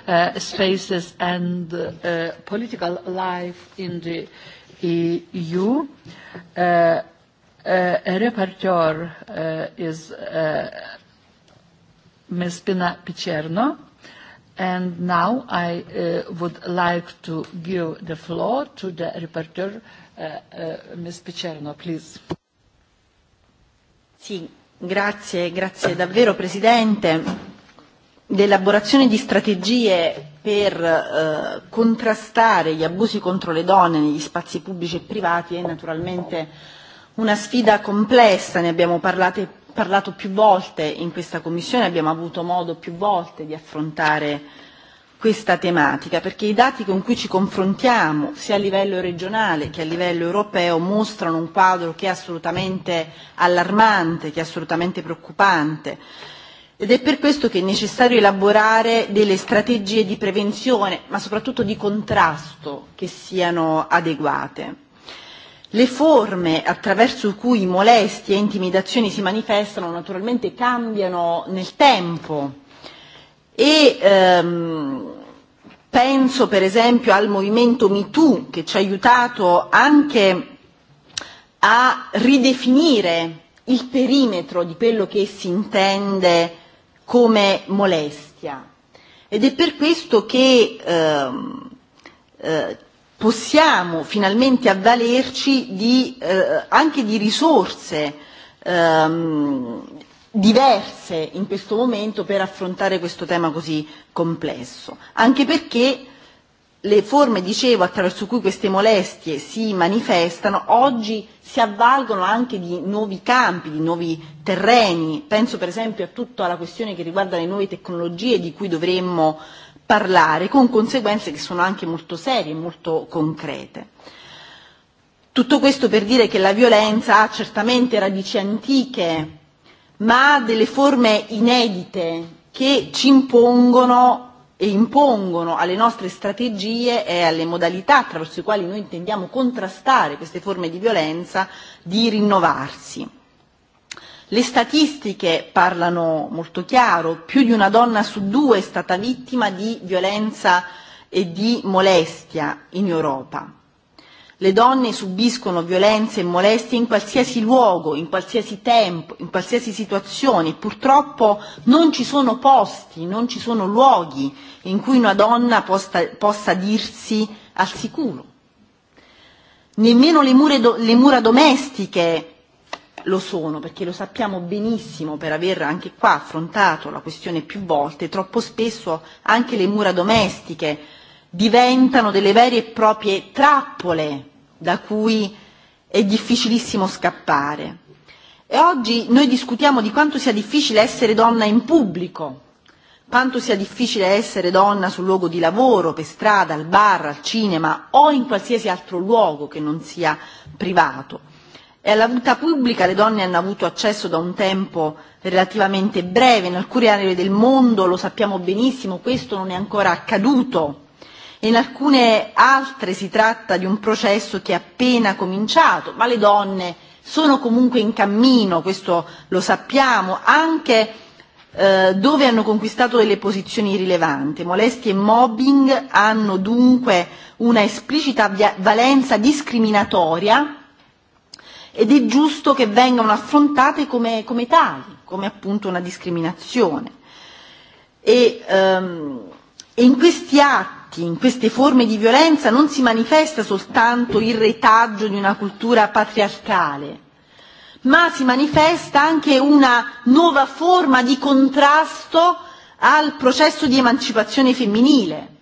uh, spaces and uh, political life in the EU. Uh, uh, rapporteur uh, is uh, Ms. Pina Picerno And now I uh, would like to give the floor to the reporter, uh, uh, Ms. Picerno, please. Sì, grazie, grazie davvero Presidente. L'elaborazione di strategie per eh, contrastare gli abusi contro le donne negli spazi pubblici e privati è naturalmente una sfida complessa, ne abbiamo parlato parlato più volte in questa Commissione, abbiamo avuto modo più volte di affrontare questa tematica, perché i dati con cui ci confrontiamo, sia a livello regionale che a livello europeo, mostrano un quadro che è assolutamente allarmante, che è assolutamente preoccupante. Ed è per questo che è necessario elaborare delle strategie di prevenzione, ma soprattutto di contrasto, che siano adeguate. Le forme attraverso cui molestie e intimidazioni si manifestano naturalmente cambiano nel tempo e ehm, penso per esempio al movimento MeToo che ci ha aiutato anche a ridefinire il perimetro di quello che si intende come molestia ed è per questo che ehm, eh, possiamo finalmente avvalerci di, eh, anche di risorse ehm, diverse in questo momento per affrontare questo tema così complesso, anche perché le forme, dicevo, attraverso cui queste molestie si manifestano, oggi si avvalgono anche di nuovi campi, di nuovi terreni. Penso per esempio a tutta la questione che riguarda le nuove tecnologie di cui dovremmo parlare con conseguenze che sono anche molto serie, molto concrete. Tutto questo per dire che la violenza ha certamente radici antiche, ma ha delle forme inedite che ci impongono e impongono alle nostre strategie e alle modalità attraverso le quali noi intendiamo contrastare queste forme di violenza di rinnovarsi Le statistiche parlano molto chiaro, più di una donna su due è stata vittima di violenza e di molestia in Europa. Le donne subiscono violenze e molestie in qualsiasi luogo, in qualsiasi tempo, in qualsiasi situazione. Purtroppo non ci sono posti, non ci sono luoghi in cui una donna possa, possa dirsi al sicuro. Nemmeno le, mure do, le mura domestiche lo sono perché lo sappiamo benissimo per aver anche qua affrontato la questione più volte, troppo spesso anche le mura domestiche diventano delle vere e proprie trappole da cui è difficilissimo scappare. E oggi noi discutiamo di quanto sia difficile essere donna in pubblico, quanto sia difficile essere donna sul luogo di lavoro, per strada, al bar, al cinema o in qualsiasi altro luogo che non sia privato e alla vita pubblica le donne hanno avuto accesso da un tempo relativamente breve, in alcune aree del mondo lo sappiamo benissimo, questo non è ancora accaduto. In alcune altre si tratta di un processo che è appena cominciato, ma le donne sono comunque in cammino, questo lo sappiamo, anche dove hanno conquistato delle posizioni rilevanti. Molestie e mobbing hanno dunque una esplicita valenza discriminatoria ed è giusto che vengano affrontate come, come tali, come appunto una discriminazione. E, um, e in questi atti, in queste forme di violenza non si manifesta soltanto il retaggio di una cultura patriarcale, ma si manifesta anche una nuova forma di contrasto al processo di emancipazione femminile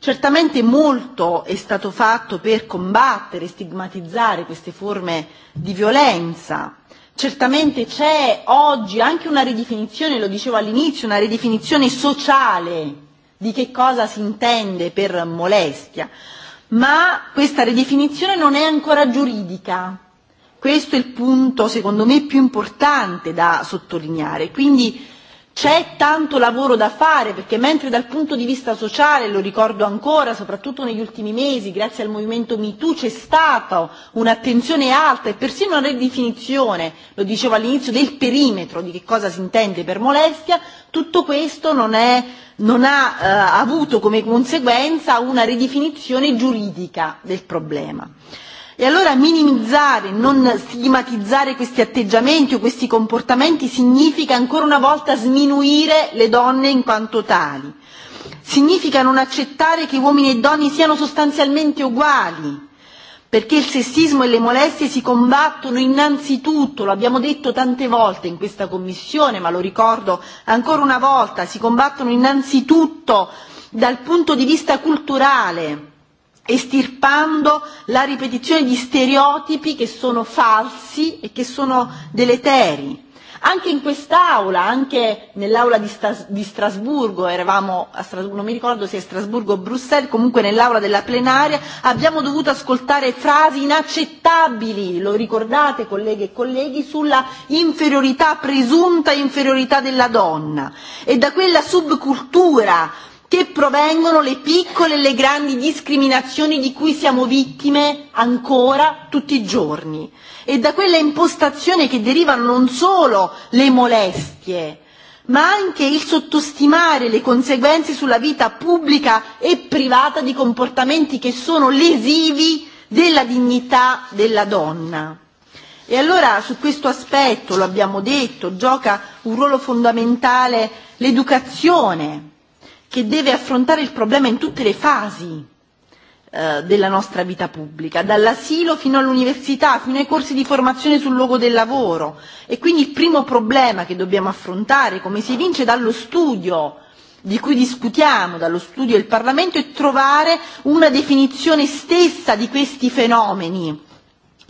Certamente molto è stato fatto per combattere e stigmatizzare queste forme di violenza. Certamente c'è oggi anche una ridefinizione, lo dicevo all'inizio, una ridefinizione sociale di che cosa si intende per molestia, ma questa ridefinizione non è ancora giuridica. Questo è il punto, secondo me, più importante da sottolineare. Quindi C'è tanto lavoro da fare perché mentre dal punto di vista sociale, lo ricordo ancora, soprattutto negli ultimi mesi, grazie al movimento MeToo c'è stata un'attenzione alta e persino una ridefinizione, lo dicevo all'inizio, del perimetro di che cosa si intende per molestia, tutto questo non, è, non ha eh, avuto come conseguenza una ridefinizione giuridica del problema. Eh, E allora minimizzare, non stigmatizzare questi atteggiamenti o questi comportamenti significa ancora una volta sminuire le donne in quanto tali. Significa non accettare che uomini e donne siano sostanzialmente uguali, perché il sessismo e le molestie si combattono innanzitutto, lo abbiamo detto tante volte in questa commissione, ma lo ricordo ancora una volta, si combattono innanzitutto dal punto di vista culturale, estirpando la ripetizione di stereotipi che sono falsi e che sono deleteri. Anche in quest'aula, anche nell'aula di, Stas- di Strasburgo, eravamo a Strasburgo, non mi ricordo se è Strasburgo o Bruxelles, comunque nell'aula della plenaria, abbiamo dovuto ascoltare frasi inaccettabili, lo ricordate colleghe e colleghi, sulla inferiorità, presunta inferiorità della donna e da quella subcultura che provengono le piccole e le grandi discriminazioni di cui siamo vittime ancora tutti i giorni e da quella impostazione che derivano non solo le molestie, ma anche il sottostimare le conseguenze sulla vita pubblica e privata di comportamenti che sono lesivi della dignità della donna. E allora su questo aspetto, lo abbiamo detto, gioca un ruolo fondamentale l'educazione, che deve affrontare il problema in tutte le fasi della nostra vita pubblica, dall'asilo fino all'università, fino ai corsi di formazione sul luogo del lavoro. E quindi il primo problema che dobbiamo affrontare, come si evince dallo studio di cui discutiamo, dallo studio del Parlamento, è trovare una definizione stessa di questi fenomeni,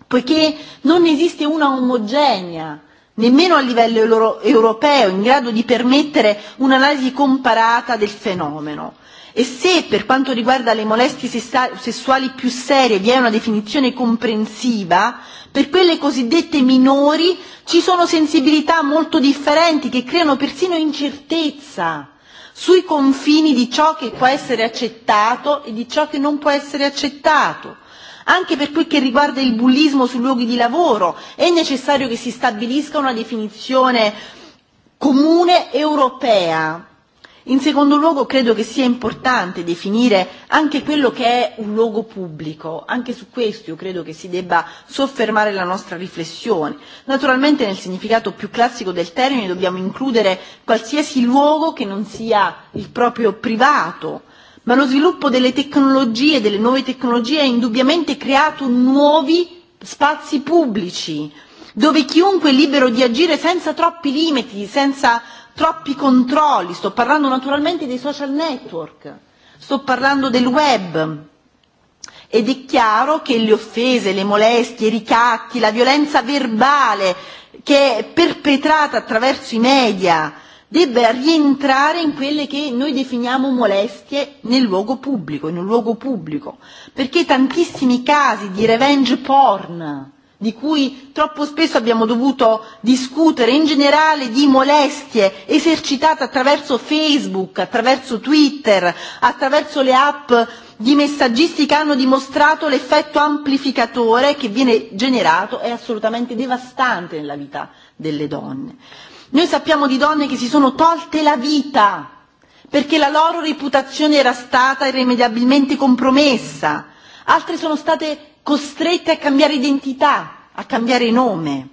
poiché non esiste una omogenea nemmeno a livello europeo in grado di permettere un'analisi comparata del fenomeno. E se per quanto riguarda le molestie sessuali più serie vi è una definizione comprensiva, per quelle cosiddette minori ci sono sensibilità molto differenti che creano persino incertezza sui confini di ciò che può essere accettato e di ciò che non può essere accettato Anche per quel che riguarda il bullismo sui luoghi di lavoro è necessario che si stabilisca una definizione comune europea. In secondo luogo credo che sia importante definire anche quello che è un luogo pubblico, anche su questo io credo che si debba soffermare la nostra riflessione. Naturalmente nel significato più classico del termine dobbiamo includere qualsiasi luogo che non sia il proprio privato, ma lo sviluppo delle tecnologie, delle nuove tecnologie ha indubbiamente creato nuovi spazi pubblici, dove chiunque è libero di agire senza troppi limiti, senza troppi controlli. Sto parlando naturalmente dei social network, sto parlando del web. Ed è chiaro che le offese, le molestie, i ricatti, la violenza verbale che è perpetrata attraverso i media, debba rientrare in quelle che noi definiamo molestie nel luogo pubblico, in un luogo pubblico, perché tantissimi casi di revenge porn di cui troppo spesso abbiamo dovuto discutere, in generale di molestie esercitate attraverso Facebook, attraverso Twitter, attraverso le app di messaggisti che hanno dimostrato l'effetto amplificatore che viene generato è assolutamente devastante nella vita delle donne. Noi sappiamo di donne che si sono tolte la vita perché la loro reputazione era stata irrimediabilmente compromessa, altre sono state costrette a cambiare identità, a cambiare nome.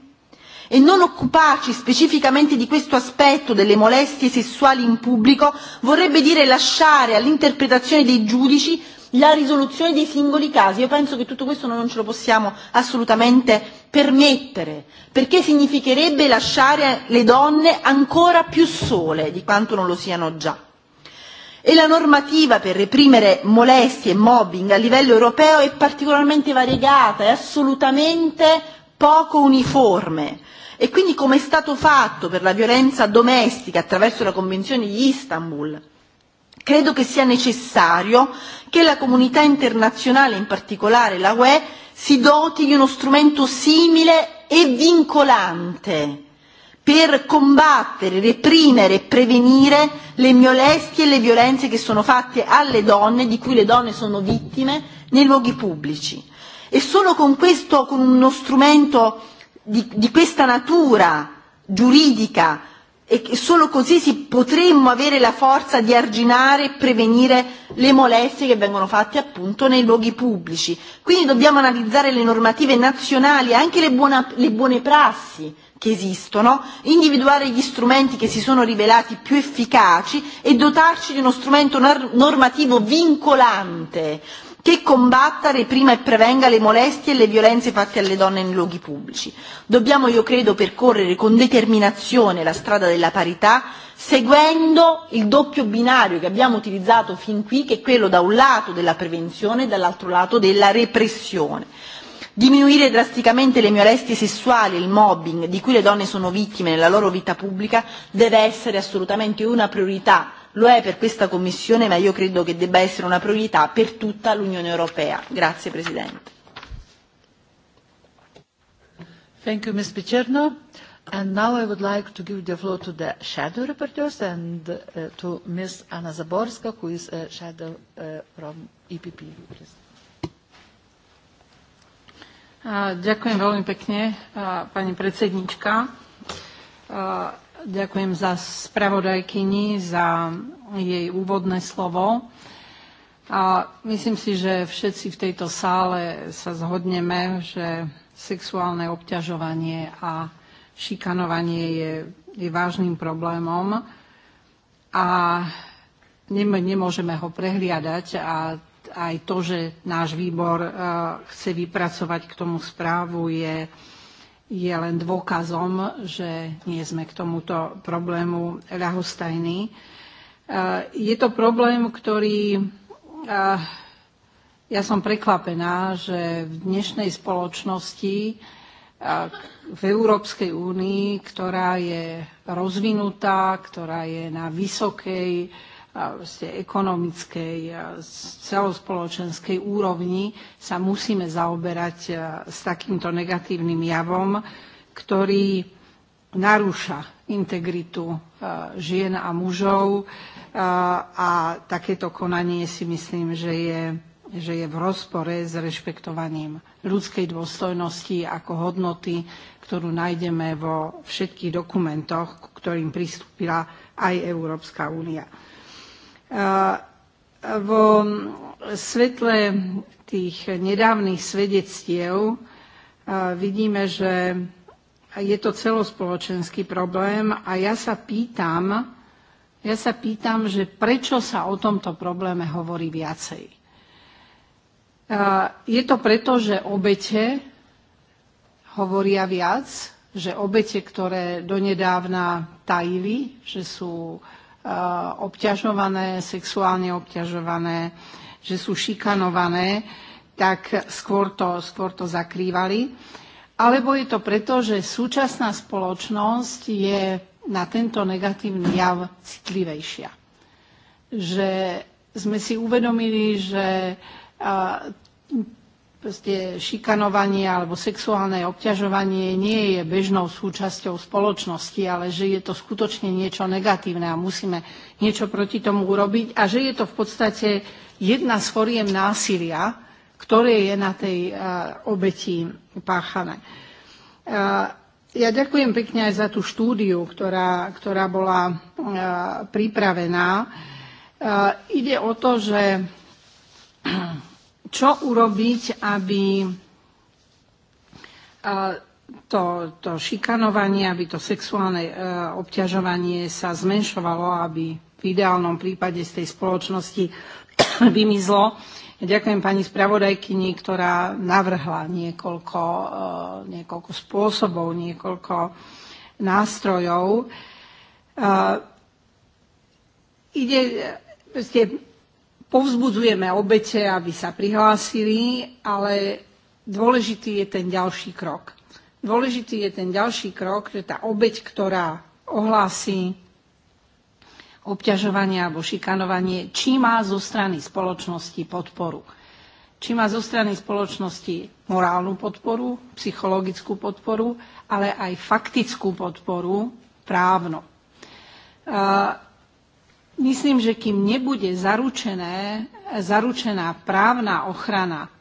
E non occuparci specificamente di questo aspetto delle molestie sessuali in pubblico vorrebbe dire lasciare all'interpretazione dei giudici la risoluzione dei singoli casi. Io penso che tutto questo noi non ce lo possiamo assolutamente permettere, perché significherebbe lasciare le donne ancora più sole di quanto non lo siano già. E la normativa per reprimere molestie e mobbing a livello europeo è particolarmente variegata, è assolutamente poco uniforme. E quindi come è stato fatto per la violenza domestica attraverso la Convenzione di Istanbul, credo che sia necessario che la comunità internazionale, in particolare la UE, si doti di uno strumento simile e vincolante per combattere, reprimere e prevenire le molestie e le violenze che sono fatte alle donne, di cui le donne sono vittime, nei luoghi pubblici. E solo con questo, con uno strumento di, di questa natura giuridica e solo così si potremmo avere la forza di arginare e prevenire le molestie che vengono fatte appunto nei luoghi pubblici. Quindi dobbiamo analizzare le normative nazionali e anche le, buona, le buone prassi che esistono, individuare gli strumenti che si sono rivelati più efficaci e dotarci di uno strumento normativo vincolante che combatta, reprima e prevenga le molestie e le violenze fatte alle donne nei luoghi pubblici. Dobbiamo, io credo, percorrere con determinazione la strada della parità, seguendo il doppio binario che abbiamo utilizzato fin qui, che è quello da un lato della prevenzione e dall'altro lato della repressione. Diminuire drasticamente le molestie sessuali e il mobbing di cui le donne sono vittime nella loro vita pubblica deve essere assolutamente una priorità Lo è per questa Commissione, ma io credo che debba essere una priorità per tutta l'Unione Europea. Grazie Presidente. Thank you, Ms. Picerno. And now I would like to give the floor to the shadow reporters and uh, to Ms. Anna Zaborska, who is a shadow uh, from EPP. Please. Ďakujem veľmi pekne, pani predsednička. Ďakujem za spravodajkyni, za jej úvodné slovo. A myslím si, že všetci v tejto sále sa zhodneme, že sexuálne obťažovanie a šikanovanie je, je vážnym problémom a nemôžeme ho prehliadať a aj to, že náš výbor chce vypracovať k tomu správu, je, je len dôkazom, že nie sme k tomuto problému ľahostajní. Je to problém, ktorý ja som prekvapená, že v dnešnej spoločnosti v Európskej únii, ktorá je rozvinutá, ktorá je na vysokej proste ekonomickej, celospoločenskej úrovni sa musíme zaoberať s takýmto negatívnym javom, ktorý narúša integritu žien a mužov a takéto konanie si myslím, že je, že je v rozpore s rešpektovaním ľudskej dôstojnosti ako hodnoty, ktorú nájdeme vo všetkých dokumentoch, k ktorým pristúpila aj Európska únia. Vo svetle tých nedávnych svedectiev vidíme, že je to celospoločenský problém a ja sa pýtam, ja sa pýtam, že prečo sa o tomto probléme hovorí viacej. Je to preto, že obete hovoria viac, že obete, ktoré donedávna tajili, že sú obťažované, sexuálne obťažované, že sú šikanované, tak skôr to, skôr to zakrývali. Alebo je to preto, že súčasná spoločnosť je na tento negatívny jav citlivejšia. Že sme si uvedomili, že proste šikanovanie alebo sexuálne obťažovanie nie je bežnou súčasťou spoločnosti, ale že je to skutočne niečo negatívne a musíme niečo proti tomu urobiť a že je to v podstate jedna z foriem násilia, ktoré je na tej obeti páchané. Ja ďakujem pekne aj za tú štúdiu, ktorá, ktorá bola pripravená. Ide o to, že čo urobiť, aby to, to šikanovanie, aby to sexuálne obťažovanie sa zmenšovalo, aby v ideálnom prípade z tej spoločnosti vymizlo. Ďakujem pani spravodajkyni, ktorá navrhla niekoľko, niekoľko spôsobov, niekoľko nástrojov. Ide, povzbudzujeme obete, aby sa prihlásili, ale dôležitý je ten ďalší krok. Dôležitý je ten ďalší krok, že tá obeť, ktorá ohlási obťažovanie alebo šikanovanie, či má zo strany spoločnosti podporu. Či má zo strany spoločnosti morálnu podporu, psychologickú podporu, ale aj faktickú podporu právno. Myslím, že kým nebude zaručené, zaručená právna ochrana,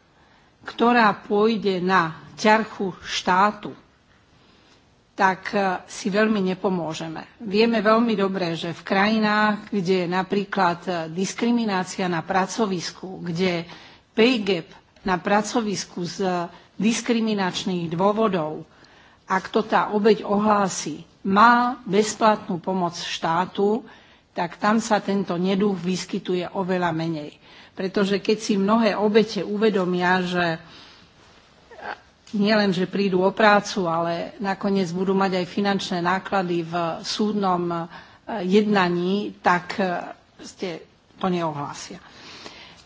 ktorá pôjde na ťarchu štátu, tak si veľmi nepomôžeme. Vieme veľmi dobre, že v krajinách, kde je napríklad diskriminácia na pracovisku, kde pay gap na pracovisku z diskriminačných dôvodov, ak to tá obeď ohlási, má bezplatnú pomoc štátu, tak tam sa tento neduch vyskytuje oveľa menej. Pretože keď si mnohé obete uvedomia, že nielen, že prídu o prácu, ale nakoniec budú mať aj finančné náklady v súdnom jednaní, tak ste to neohlásia.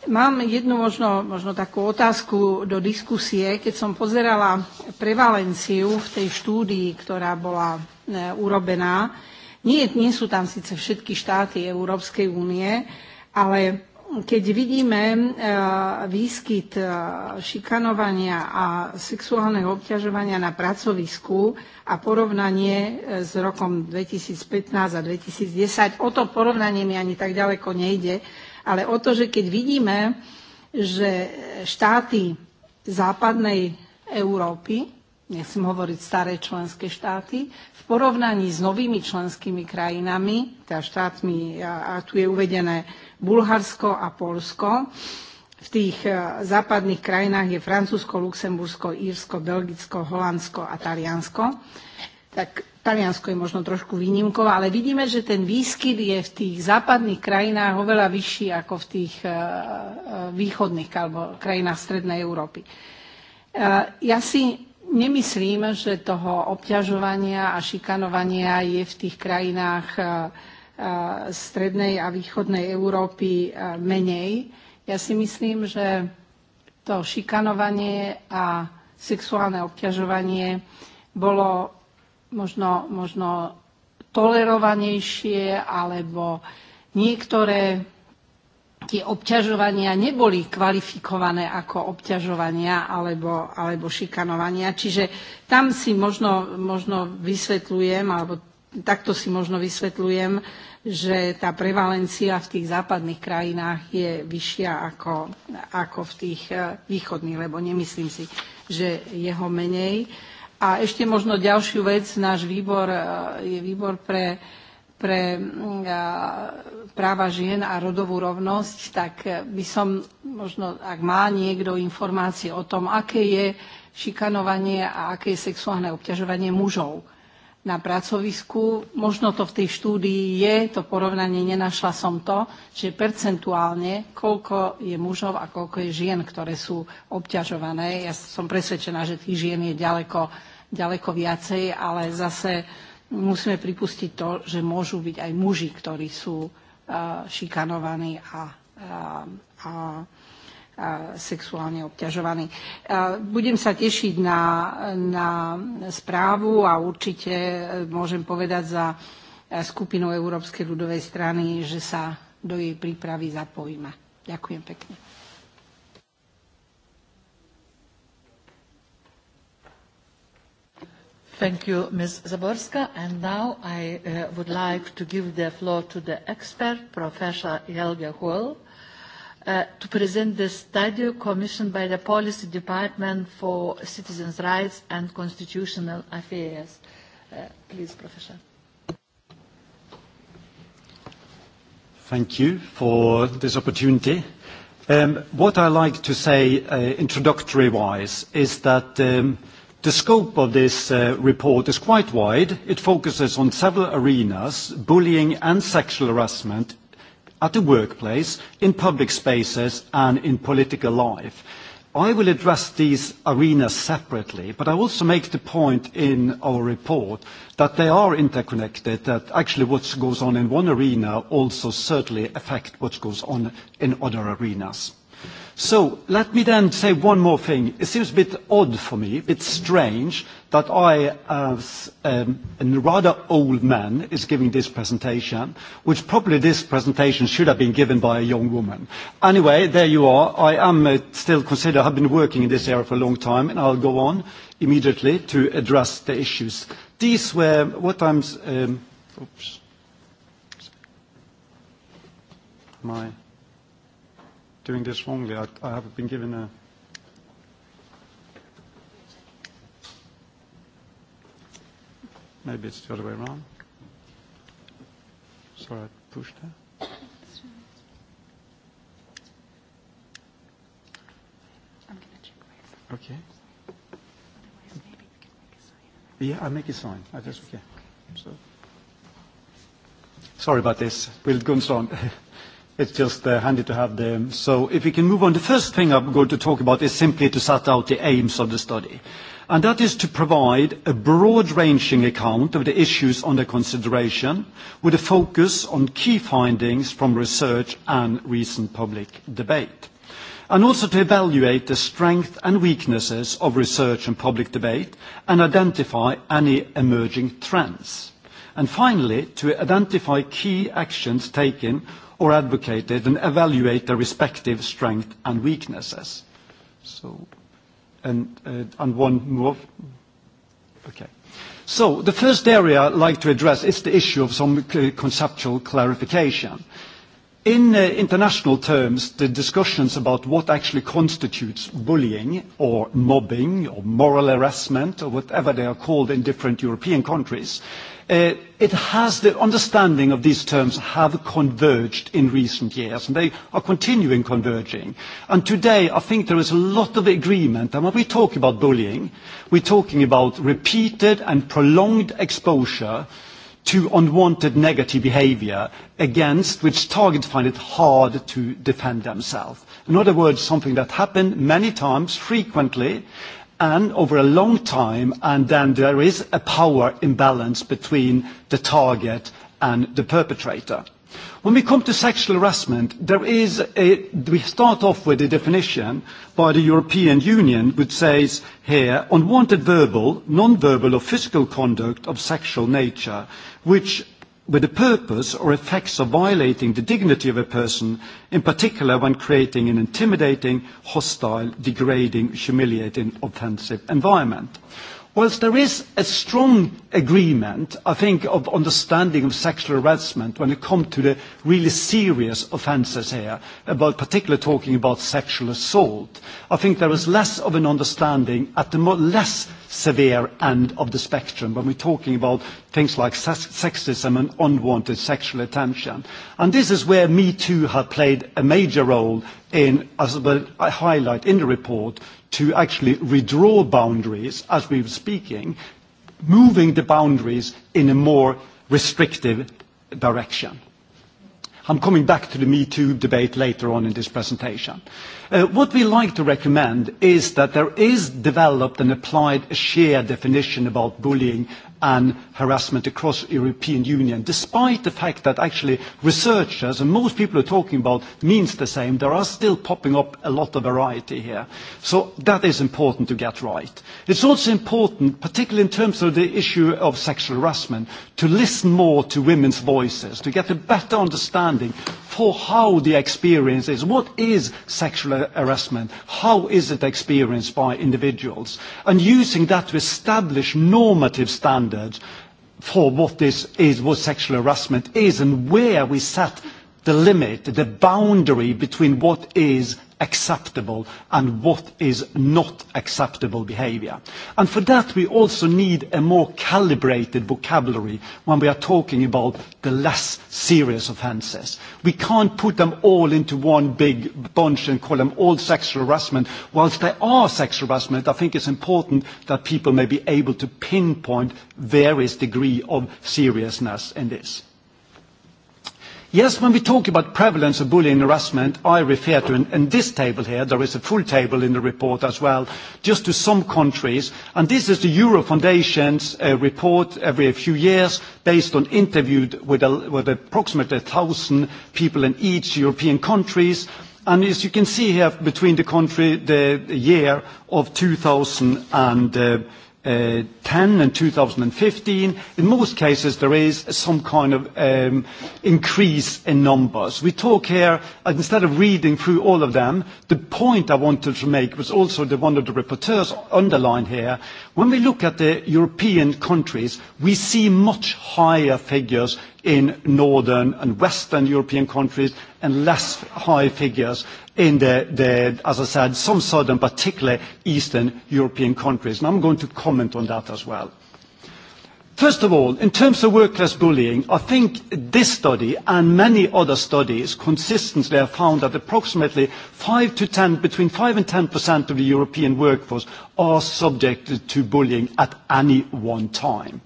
Mám jednu možno, možno takú otázku do diskusie. Keď som pozerala prevalenciu v tej štúdii, ktorá bola urobená, Nie, nie sú tam síce všetky štáty Európskej únie, ale keď vidíme výskyt šikanovania a sexuálneho obťažovania na pracovisku a porovnanie s rokom 2015 a 2010, o to porovnanie mi ani tak ďaleko nejde, ale o to, že keď vidíme, že štáty západnej Európy nechcem hovoriť staré členské štáty, v porovnaní s novými členskými krajinami, teda štátmi, a tu je uvedené Bulharsko a Polsko, v tých západných krajinách je Francúzsko, Luxembursko, Írsko, Belgicko, Holandsko a Taliansko. Tak Taliansko je možno trošku výnimkové, ale vidíme, že ten výskyt je v tých západných krajinách oveľa vyšší ako v tých východných alebo krajinách Strednej Európy. Ja si Nemyslím, že toho obťažovania a šikanovania je v tých krajinách strednej a východnej Európy menej. Ja si myslím, že to šikanovanie a sexuálne obťažovanie bolo možno, možno tolerovanejšie alebo niektoré tie obťažovania neboli kvalifikované ako obťažovania alebo, alebo šikanovania. Čiže tam si možno, možno vysvetľujem, alebo takto si možno vysvetľujem, že tá prevalencia v tých západných krajinách je vyššia ako, ako v tých východných, lebo nemyslím si, že je ho menej. A ešte možno ďalšiu vec, náš výbor je výbor pre pre práva žien a rodovú rovnosť, tak by som možno, ak má niekto informácie o tom, aké je šikanovanie a aké je sexuálne obťažovanie mužov na pracovisku. Možno to v tej štúdii je, to porovnanie nenašla som to, že percentuálne koľko je mužov a koľko je žien, ktoré sú obťažované. Ja som presvedčená, že tých žien je ďaleko, ďaleko viacej, ale zase musíme pripustiť to, že môžu byť aj muži, ktorí sú šikanovaní a, a, a sexuálne obťažovaní. Budem sa tešiť na, na správu a určite môžem povedať za skupinu Európskej ľudovej strany, že sa do jej prípravy zapojíme. Ďakujem pekne. Thank you, Ms. Zaborska. And now I would like to give the floor to the expert, Professor Helge Hull, to present the study commissioned by the Policy Department for Citizens' Rights and Constitutional Affairs. please, Professor. Thank you for this opportunity. what I like to say uh, introductory-wise is that um, – The scope of this report is quite wide. It focuses on several arenas, bullying and sexual harassment at the workplace, in public spaces, and in political life. I will address these arenas separately, but I also make the point in our report that they are interconnected, that actually what goes on in one arena also certainly affects what goes on in other arenas. So let me then say one more thing. It seems a bit odd for me, a bit strange, that I, as a rather old man, is giving this presentation, which probably this presentation should have been given by a young woman. Anyway, there you are. I am still considered, have been working in this area for a long time, and I'll go on immediately to address the issues. These were what I'm. Um, oops. My doing this wrongly. I, I have been given a. Maybe it's the other way around. Sorry, I pushed that. Okay. Yeah, I make a sign. I just okay. So. Sorry about this. We'll go on. It's just handy to have the... if we can move on, the first thing I'm going to talk about is simply to set out the aims of the study. And that is to provide a broad-ranging account of the issues under consideration with a focus on key findings from research and recent public debate and also to evaluate the strength and weaknesses of research and public debate and identify any emerging trends and finally, to identify key actions taken or advocated and evaluate their respective strengths and weaknesses. So, and, uh, and one more. Okay. So the first area I'd like to address is the issue of some conceptual clarification. In uh, international terms, the discussions about what actually constitutes bullying or mobbing or moral harassment or whatever they are called in different European countries it has the understanding of these terms have converged in recent years, and they are continuing converging. And today, I think there is a lot of agreement. And when we talk about bullying, we're talking about repeated and prolonged exposure to unwanted negative behavior against which targets find it hard to defend themselves. In other words, something that happened many times, frequently, and over a long time, and then there is a power imbalance between the target and the perpetrator. When we come to sexual harassment, there is a, we start off with a definition by the European Union which says here, unwanted verbal, non-verbal or physical conduct of sexual nature, which with the purpose or effects of violating the dignity of a person, in particular when creating an intimidating, hostile, degrading, humiliating, offensive environment. Whilst there is a strong agreement, I think, of understanding of sexual harassment when it comes to the really serious offences here, about particularly talking about sexual assault, I think there is less of an understanding at the more, less severe end of the spectrum when we're talking about things like sexism and unwanted sexual attention. And this is where Me Too have played a major role in, as I highlight in the report, to actually redraw boundaries as we were speaking, moving the boundaries in a more restrictive direction. I'm coming back to the Me Too debate later on in this presentation. What we like to recommend is that there is developed and applied a shared definition about bullying and harassment across the European Union, despite the fact that actually researchers and most people are talking about means the same, there are still popping up a lot of variety here. So that is important to get right. It's also important, particularly in terms of the issue of sexual harassment, to listen more to women's voices, to get a better understanding for how the experience is. What is sexual harassment? How is it experienced by individuals? And using that to establish normative standards for what this is, what sexual harassment is, and where we set the limit, the boundary between what is acceptable and what is not acceptable behavior. And for that, we also need a more calibrated vocabulary when we are talking about the less serious offenses. We can't put them all into one big bunch and call them all sexual harassment. Whilst they are sexual harassment, I think it's important that people may be able to pinpoint various degree of seriousness in this. Yes, when we talk about prevalence of bullying and harassment, I refer to, in this table here, there is a full table in the report as well, just to some countries. And this is the Euro Foundation's report every few years, based on interviewed with, a, thousand approximately 1,000 people in each European countries. And as you can see here, between the country, the year of thousand and and 2015. In most cases, there is some kind of increase in numbers. We talk here, instead of reading through all of them, the point I wanted to make was also the one of the rapporteurs underlined here. When we look at the European countries, we see much higher figures in northern and western European countries and less high figures in the, as I said, some southern, particularly eastern European countries. And I'm going to comment on that as well. First of all, in terms of workplace bullying, I think this study and many other studies consistently have found that approximately to between 5 and 10% of the European workforce are subjected to bullying at any one time.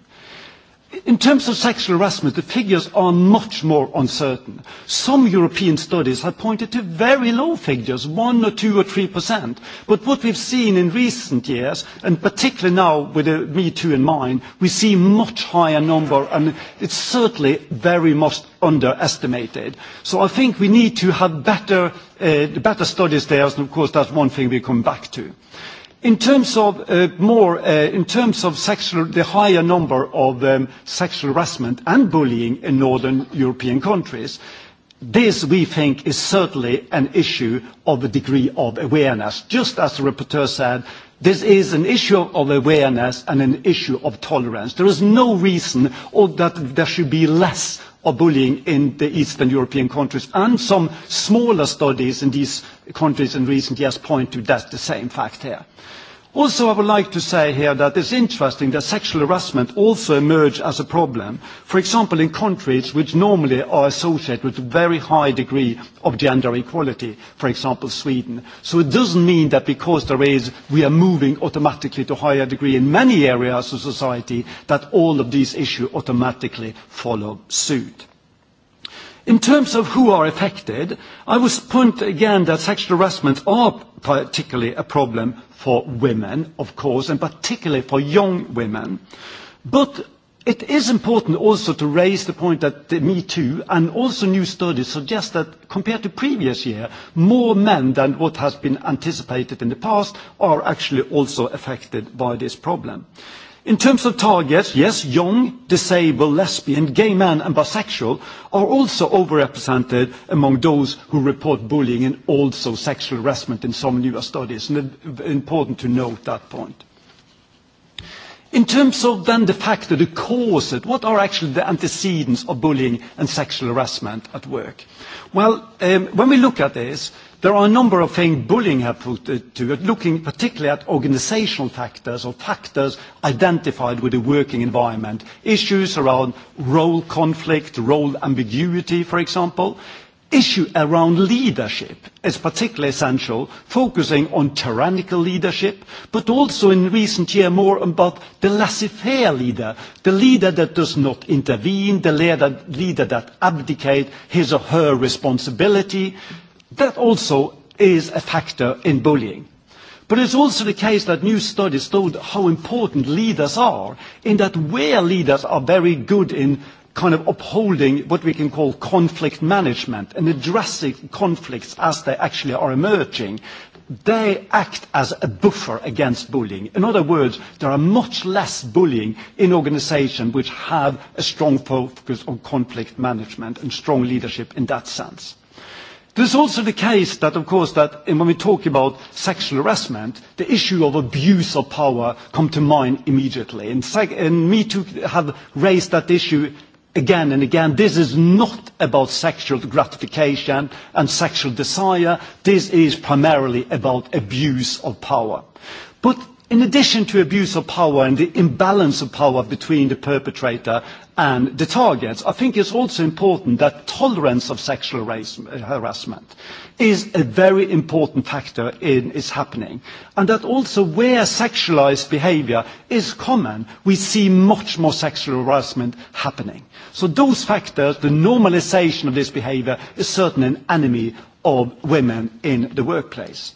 In terms of sexual harassment, the figures are much more uncertain. Some European studies have pointed to very low figures, one or two or three percent. But what we've seen in recent years, and particularly now with the Me Too in mind, we see much higher number, and it's certainly very much underestimated. So I think we need to have better, uh, better studies there, and of course that's one thing we come back to. In terms of more, in terms of sexual, the higher number of sexual harassment and bullying in northern European countries, this, we think, is certainly an issue of a degree of awareness. Just as the rapporteur said, this is an issue of awareness and an issue of tolerance. There is no reason that there should be less of bullying in the Eastern European countries. And some smaller studies in these countries in recent years point to that, the same fact here. Also, I would like to say here that it's interesting that sexual harassment also emerged as a problem, for example, in countries which normally are associated with a very high degree of gender equality, for example, Sweden. So it doesn't mean that because there is, we are moving automatically to a higher degree in many areas of society, that all of these issues automatically follow suit. In terms of who are affected, I would point again that sexual harassment are particularly a problem for women, of course, and particularly for young women. But it is important also to raise the point that the Me Too and also new studies suggest that compared to previous year, more men than what has been anticipated in the past are actually also affected by this problem. In terms of targets, yes, young, disabled, lesbian, gay men and bisexual are also overrepresented among those who report bullying and also sexual harassment in some newer studies. And important to note that point. In terms of then the factor, the causes, what are actually the antecedents of bullying and sexual harassment at work? Well, um, when we look at this, There are a number of things bullying have put to it, looking particularly at organisational factors or factors identified with the working environment. Issues around role conflict, role ambiguity, for example. Issue around leadership is particularly essential, focusing on tyrannical leadership, but also in recent years more about the laissez-faire leader, the leader that does not intervene, the leader, leader that abdicates his or her responsibility, That also is a factor in bullying. But it's also the case that new studies showed how important leaders are, in that where leaders are very good in kind of upholding what we can call conflict management and addressing conflicts as they actually are emerging, they act as a buffer against bullying. In other words, there are much less bullying in organisations which have a strong focus on conflict management and strong leadership in that sense is also the case that, of course, that when we talk about sexual harassment, the issue of abuse of power come to mind immediately. And, sec- and Me Too have raised that issue again and again. This is not about sexual gratification and sexual desire. This is primarily about abuse of power. But in addition to abuse of power and the imbalance of power between the perpetrator and the targets, I think it's also important that tolerance of sexual harassment is a very important factor in its happening. And that also where sexualized behavior is common, we see much more sexual harassment happening. So those factors, the normalization of this behavior, is certainly an enemy of women in the workplace.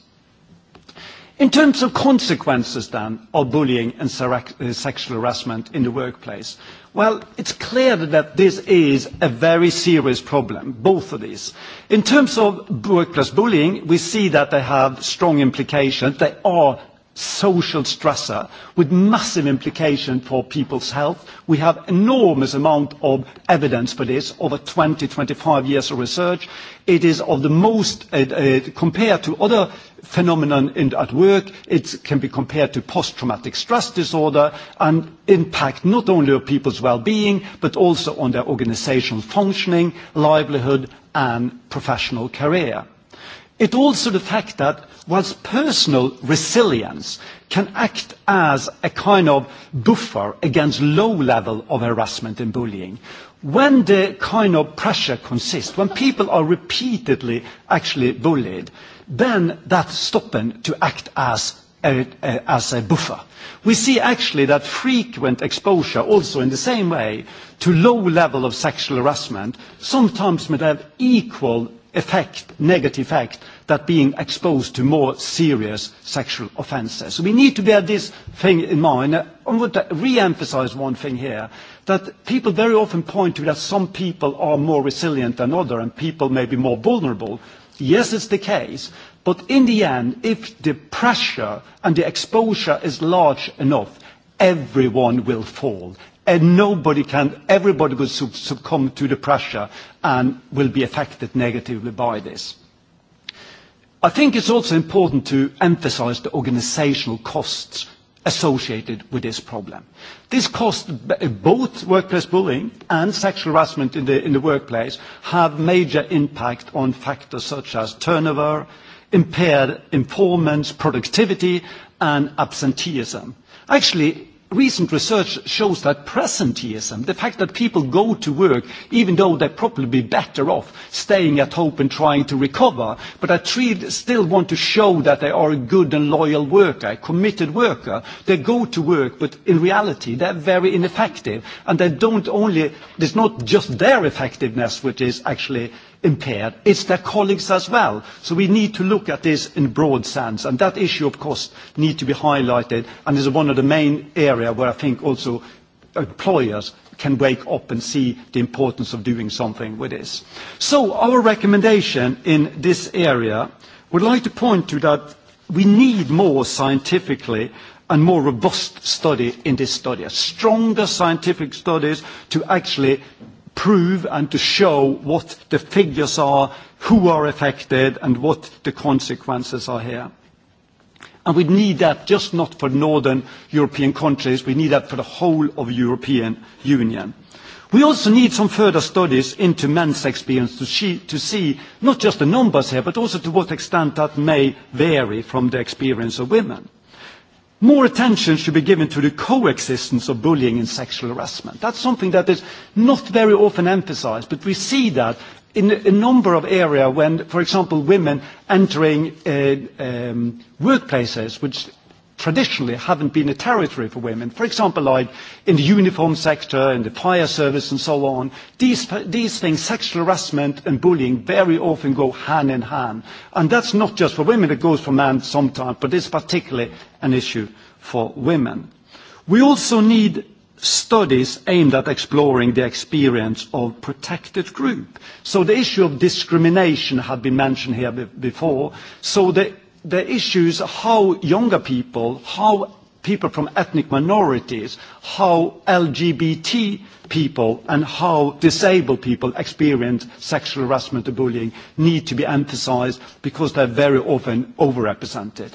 In terms of consequences then of bullying and sexual harassment in the workplace, well, it's clear that this is a very serious problem, both of these. In terms of workplace bullying, we see that they have strong implications. They are social stressor with massive implication for people's health. We have enormous amount of evidence for this, over 20, 25 years of research. It is of the most, compared to other phenomenon in, at work, it can be compared to post-traumatic stress disorder and impact not only on people's well-being, but also on their organizational functioning, livelihood and professional career. It also the fact that one's personal resilience can act as a kind of buffer against low level of harassment and bullying. When the kind of pressure consists, when people are repeatedly actually bullied, then that stopping to act as a, as a buffer. We see actually that frequent exposure also in the same way to low level of sexual harassment sometimes may have equal effect, negative effect, that being exposed to more serious sexual offences. We need to bear this thing in mind. I want to re-emphasize one thing here, that people very often point to that some people are more resilient than others and people may be more vulnerable. Yes, it's the case, but in the end, if the pressure and the exposure is large enough, everyone will fall and nobody can, everybody will succumb to the pressure and will be affected negatively by this. I think it's also important to emphasize the organizational costs associated with this problem. This cost, both workplace bullying and sexual harassment in the, in the workplace, have major impact on factors such as turnover, impaired informants, productivity, and absenteeism. Actually, recent research shows that presenteeism, the fact that people go to work even though they're probably be better off staying at home and trying to recover, but that still want to show that they are a good and loyal worker, a committed worker. They go to work, but in reality they're very ineffective. And they don't only, it's not just their effectiveness which is actually impaired. It's their colleagues as well. So we need to look at this in broad sense, and that issue of cost needs to be highlighted, and is one of the main areas where I think also employers can wake up and see the importance of doing something with this. So our recommendation in this area would like to point to that we need more scientifically and more robust study in this study, stronger scientific studies to actually prove and to show what the figures are, who are affected, and what the consequences are here. And we need that just not for northern European countries, we need that for the whole of the European Union. We also need some further studies into men's experience to see, to see not just the numbers here, but also to what extent that may vary from the experience of women. More attention should be given to the coexistence of bullying and sexual harassment. That's something that is not very often emphasized, but we see that in a number of areas when, for example, women entering uh, um, workplaces which traditionally haven't been a territory for women. For example, like in the uniform sector, in the fire service and so on, these, these things, sexual harassment and bullying very often go hand in hand. And that's not just for women, it goes for men sometimes, but it's particularly an issue for women. We also need studies aimed at exploring the experience of protected group. So the issue of discrimination had been mentioned here before. So the the issues how younger people, how people from ethnic minorities, how LGBT people and how disabled people experience sexual harassment or bullying need to be emphasized because they're very often overrepresented.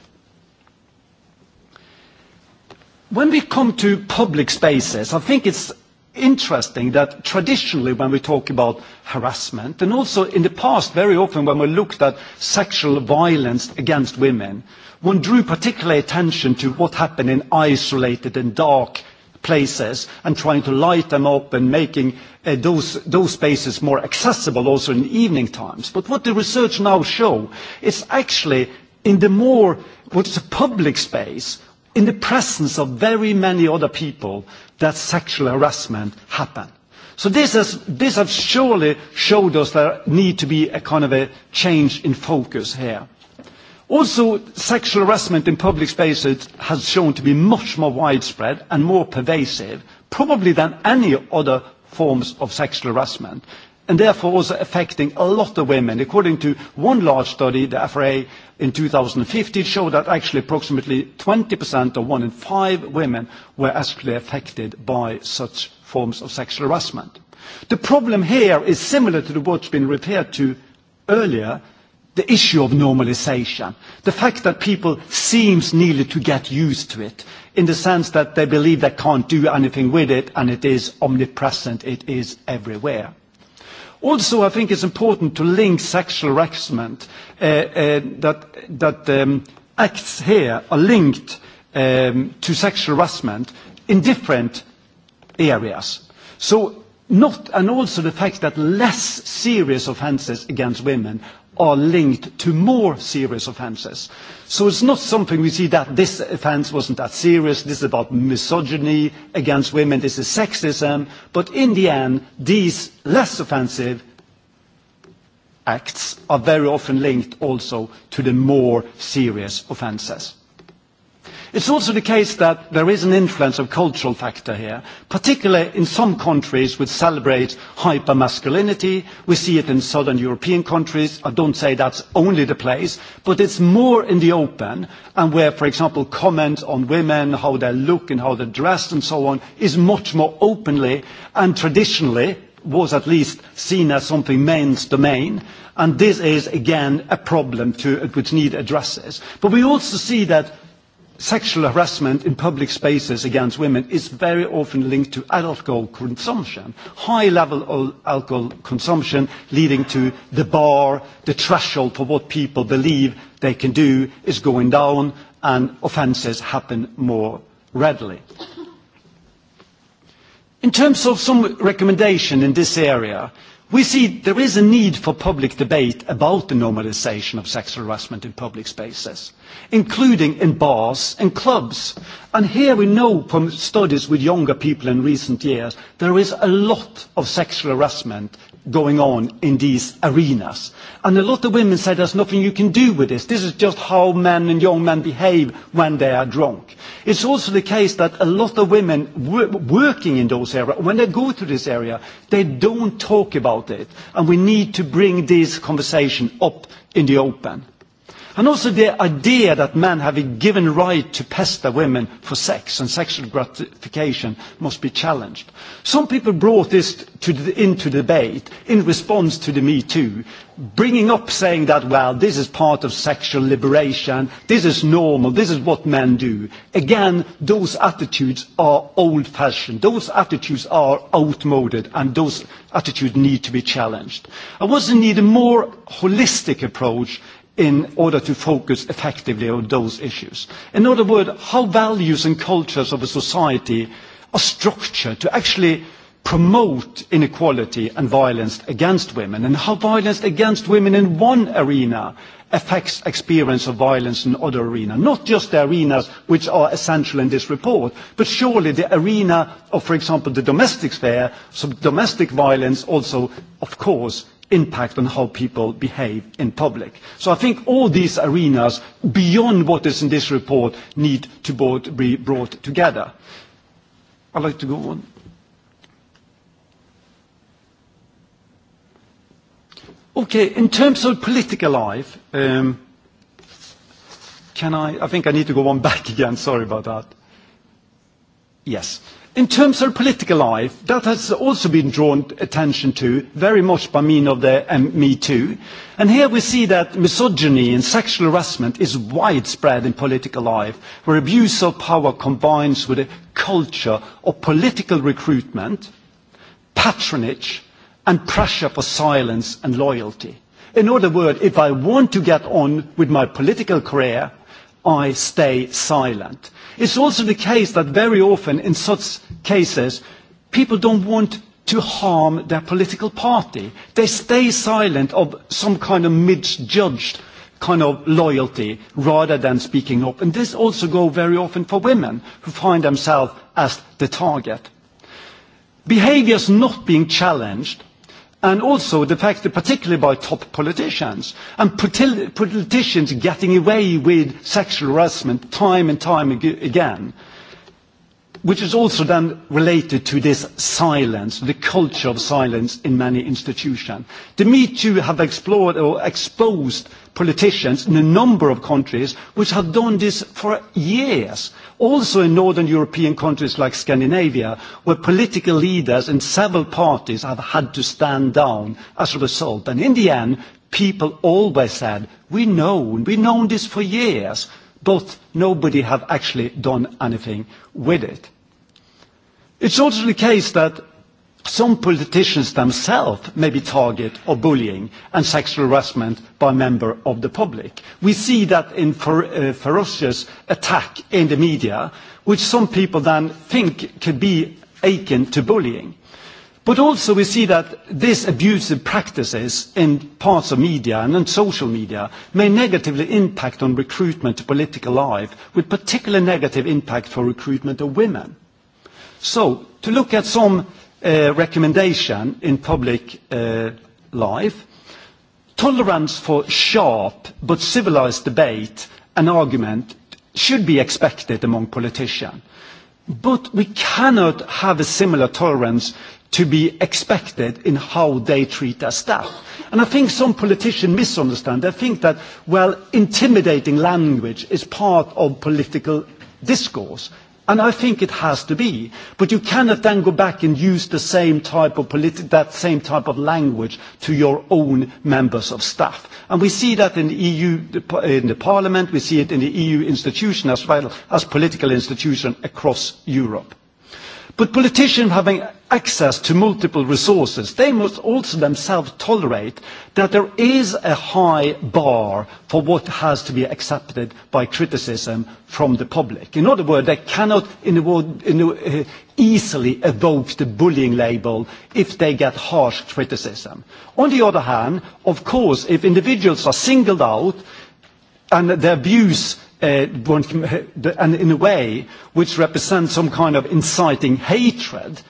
When we come to public spaces, I think it's interesting that traditionally when we talk about harassment and also in the past very often when we looked at sexual violence against women one drew particular attention to what happened in isolated and dark places and trying to light them up and making those, those spaces more accessible also in evening times. But what the research now shows is actually in the more, what is a public space, in the presence of very many other people, that sexual harassment happened. So this, has, this has surely showed us there need to be a kind of a change in focus here. Also, sexual harassment in public spaces has shown to be much more widespread and more pervasive, probably than any other forms of sexual harassment and therefore also affecting a lot of women. According to one large study, the FRA in 2015 showed that actually approximately 20% of one in five women were actually affected by such forms of sexual harassment. The problem here is similar to what's been referred to earlier, the issue of normalization. The fact that people seem nearly to get used to it in the sense that they believe they can't do anything with it and it is omnipresent, it is everywhere. Also, I think it's important to link sexual harassment uh, uh, that, that um, acts here are linked um, to sexual harassment in different areas. So not, and also the fact that less serious offences against women are linked to more serious offences. So it's not something we see that this offence wasn't that serious, this is about misogyny against women, this is sexism, but in the end, these less offensive acts are very often linked also to the more serious offences. It's also the case that there is an influence of cultural factor here, particularly in some countries which celebrate hyper-masculinity. We see it in southern European countries. I don't say that's only the place, but it's more in the open, and where, for example, comments on women, how they look and how they're dressed and so on, is much more openly and traditionally was at least seen as something men's domain. And this is, again, a problem to, which needs addresses. But we also see that sexual harassment in public spaces against women is very often linked to alcohol consumption. High level of alcohol consumption leading to the bar, the threshold for what people believe they can do is going down and offences happen more readily. In terms of some recommendation in this area, We see there is a need for public debate about the normalisation of sexual harassment in public spaces, including in bars and clubs. And here we know from studies with younger people in recent years, there is a lot of sexual harassment going on in these arenas. And a lot of women say there's nothing you can do with this. This is just how men and young men behave when they are drunk. It's also the case that a lot of women working in those areas, when they go to this area, they don't talk about it. And we need to bring this conversation up in the open. And also the idea that men have a given right to pester women for sex and sexual gratification must be challenged. Some people brought this to the, into debate in response to the Me Too, bringing up saying that, well, this is part of sexual liberation, this is normal, this is what men do. Again, those attitudes are old-fashioned, those attitudes are outmoded, and those attitudes need to be challenged. I was need a more holistic approach in order to focus effectively on those issues. In other words, how values and cultures of a society are structured to actually promote inequality and violence against women, and how violence against women in one arena affects experience of violence in other arenas, not just the arenas which are essential in this report, but surely the arena of, for example, the domestic sphere, so domestic violence also, of course, impact on how people behave in public. So I think all these arenas, beyond what is in this report, need to both be brought together. I'd like to go on. Okay, in terms of political life, um, can I, I think I need to go on back again, sorry about that. Yes. In terms of political life, that has also been drawn attention to very much by means of the um, Me Too. And here we see that misogyny and sexual harassment is widespread in political life, where abuse of power combines with a culture of political recruitment, patronage, and pressure for silence and loyalty. In other words, if I want to get on with my political career, I stay silent It's also the case that very often in such cases, people don't want to harm their political party. They stay silent of some kind of misjudged kind of loyalty rather than speaking up. And this also goes very often for women who find themselves as the target. Behaviours not being challenged and also the fact that particularly by top politicians and politicians getting away with sexual harassment time and time again which is also then related to this silence, the culture of silence in many institutions. The Me Too have explored or exposed politicians in a number of countries which have done this for years also in northern European countries like Scandinavia, where political leaders and several parties have had to stand down as a result. And in the end, people always said, we know, we've known this for years, but nobody have actually done anything with it. It's also the case that some politicians themselves may be target of bullying and sexual harassment by members of the public. We see that in ferocious attack in the media, which some people then think could be akin to bullying. But also we see that these abusive practices in parts of media and in social media may negatively impact on recruitment to political life, with particular negative impact for recruitment of women. So to look at some uh, recommendation in public uh, life. Tolerance for sharp but civilized debate and argument should be expected among politicians. But we cannot have a similar tolerance to be expected in how they treat their staff. And I think some politicians misunderstand. They think that, well, intimidating language is part of political discourse. And I think it has to be. But you cannot then go back and use the same type of politi- that same type of language to your own members of staff. And we see that in the EU, in the Parliament, we see it in the EU institution as well as political institutions across Europe. But politicians having access to multiple resources, they must also themselves tolerate that there is a high bar for what has to be accepted by criticism from the public. In other words, they cannot in a word, in a, uh, easily evoke the bullying label if they get harsh criticism. On the other hand, of course, if individuals are singled out and their views uh, one and in a way which represents some kind of inciting hatred,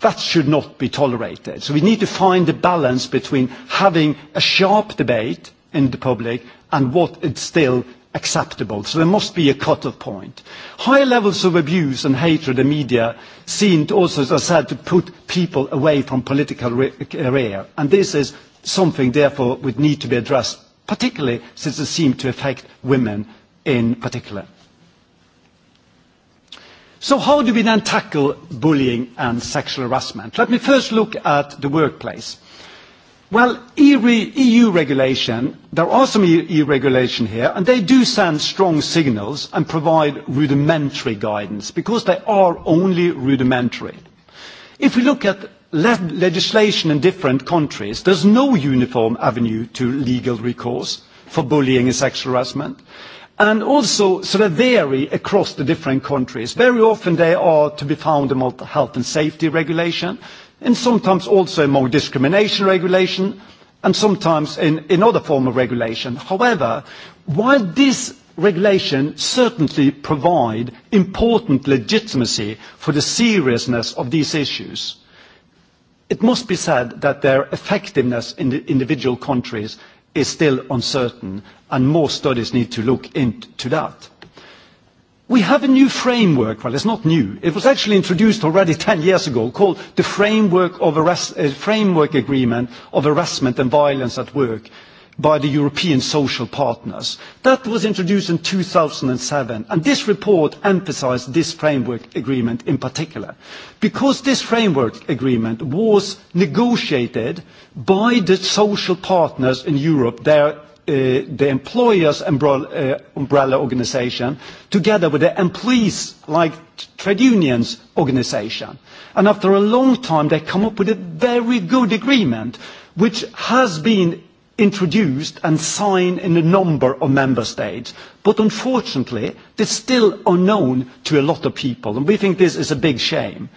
that should not be tolerated. So we need to find a balance between having a sharp debate in the public and what is still acceptable. So there must be a cut-off point. High levels of abuse and hatred in media seem to also, as I said, to put people away from political career. And this is something, therefore, would need to be addressed, particularly since it seems to affect women in particular. So how do we then tackle bullying and sexual harassment? Let me first look at the workplace. Well, EU regulation, there are some EU regulation here, and they do send strong signals and provide rudimentary guidance because they are only rudimentary. If we look at legislation in different countries, there's no uniform avenue to legal recourse for bullying and sexual harassment and also so they vary across the different countries. Very often they are to be found among the health and safety regulation, and sometimes also among discrimination regulation, and sometimes in, in other form of regulation. However, while this regulation certainly provide important legitimacy for the seriousness of these issues, it must be said that their effectiveness in the individual countries is still uncertain, and more studies need to look into that. We have a new framework. Well, it's not new. It was actually introduced already 10 years ago, called the Framework Agreement of Harassment and Violence at Work, by the European social partners. That was introduced in 2007, and this report emphasized this framework agreement in particular, because this framework agreement was negotiated by the social partners in Europe, their the employers' umbrella, umbrella organization together with the employees like trade unions organization. And after a long time, they come up with a very good agreement, which has been introduced and signed in a number of member states. But unfortunately, it's still unknown to a lot of people, and we think this is a big shame.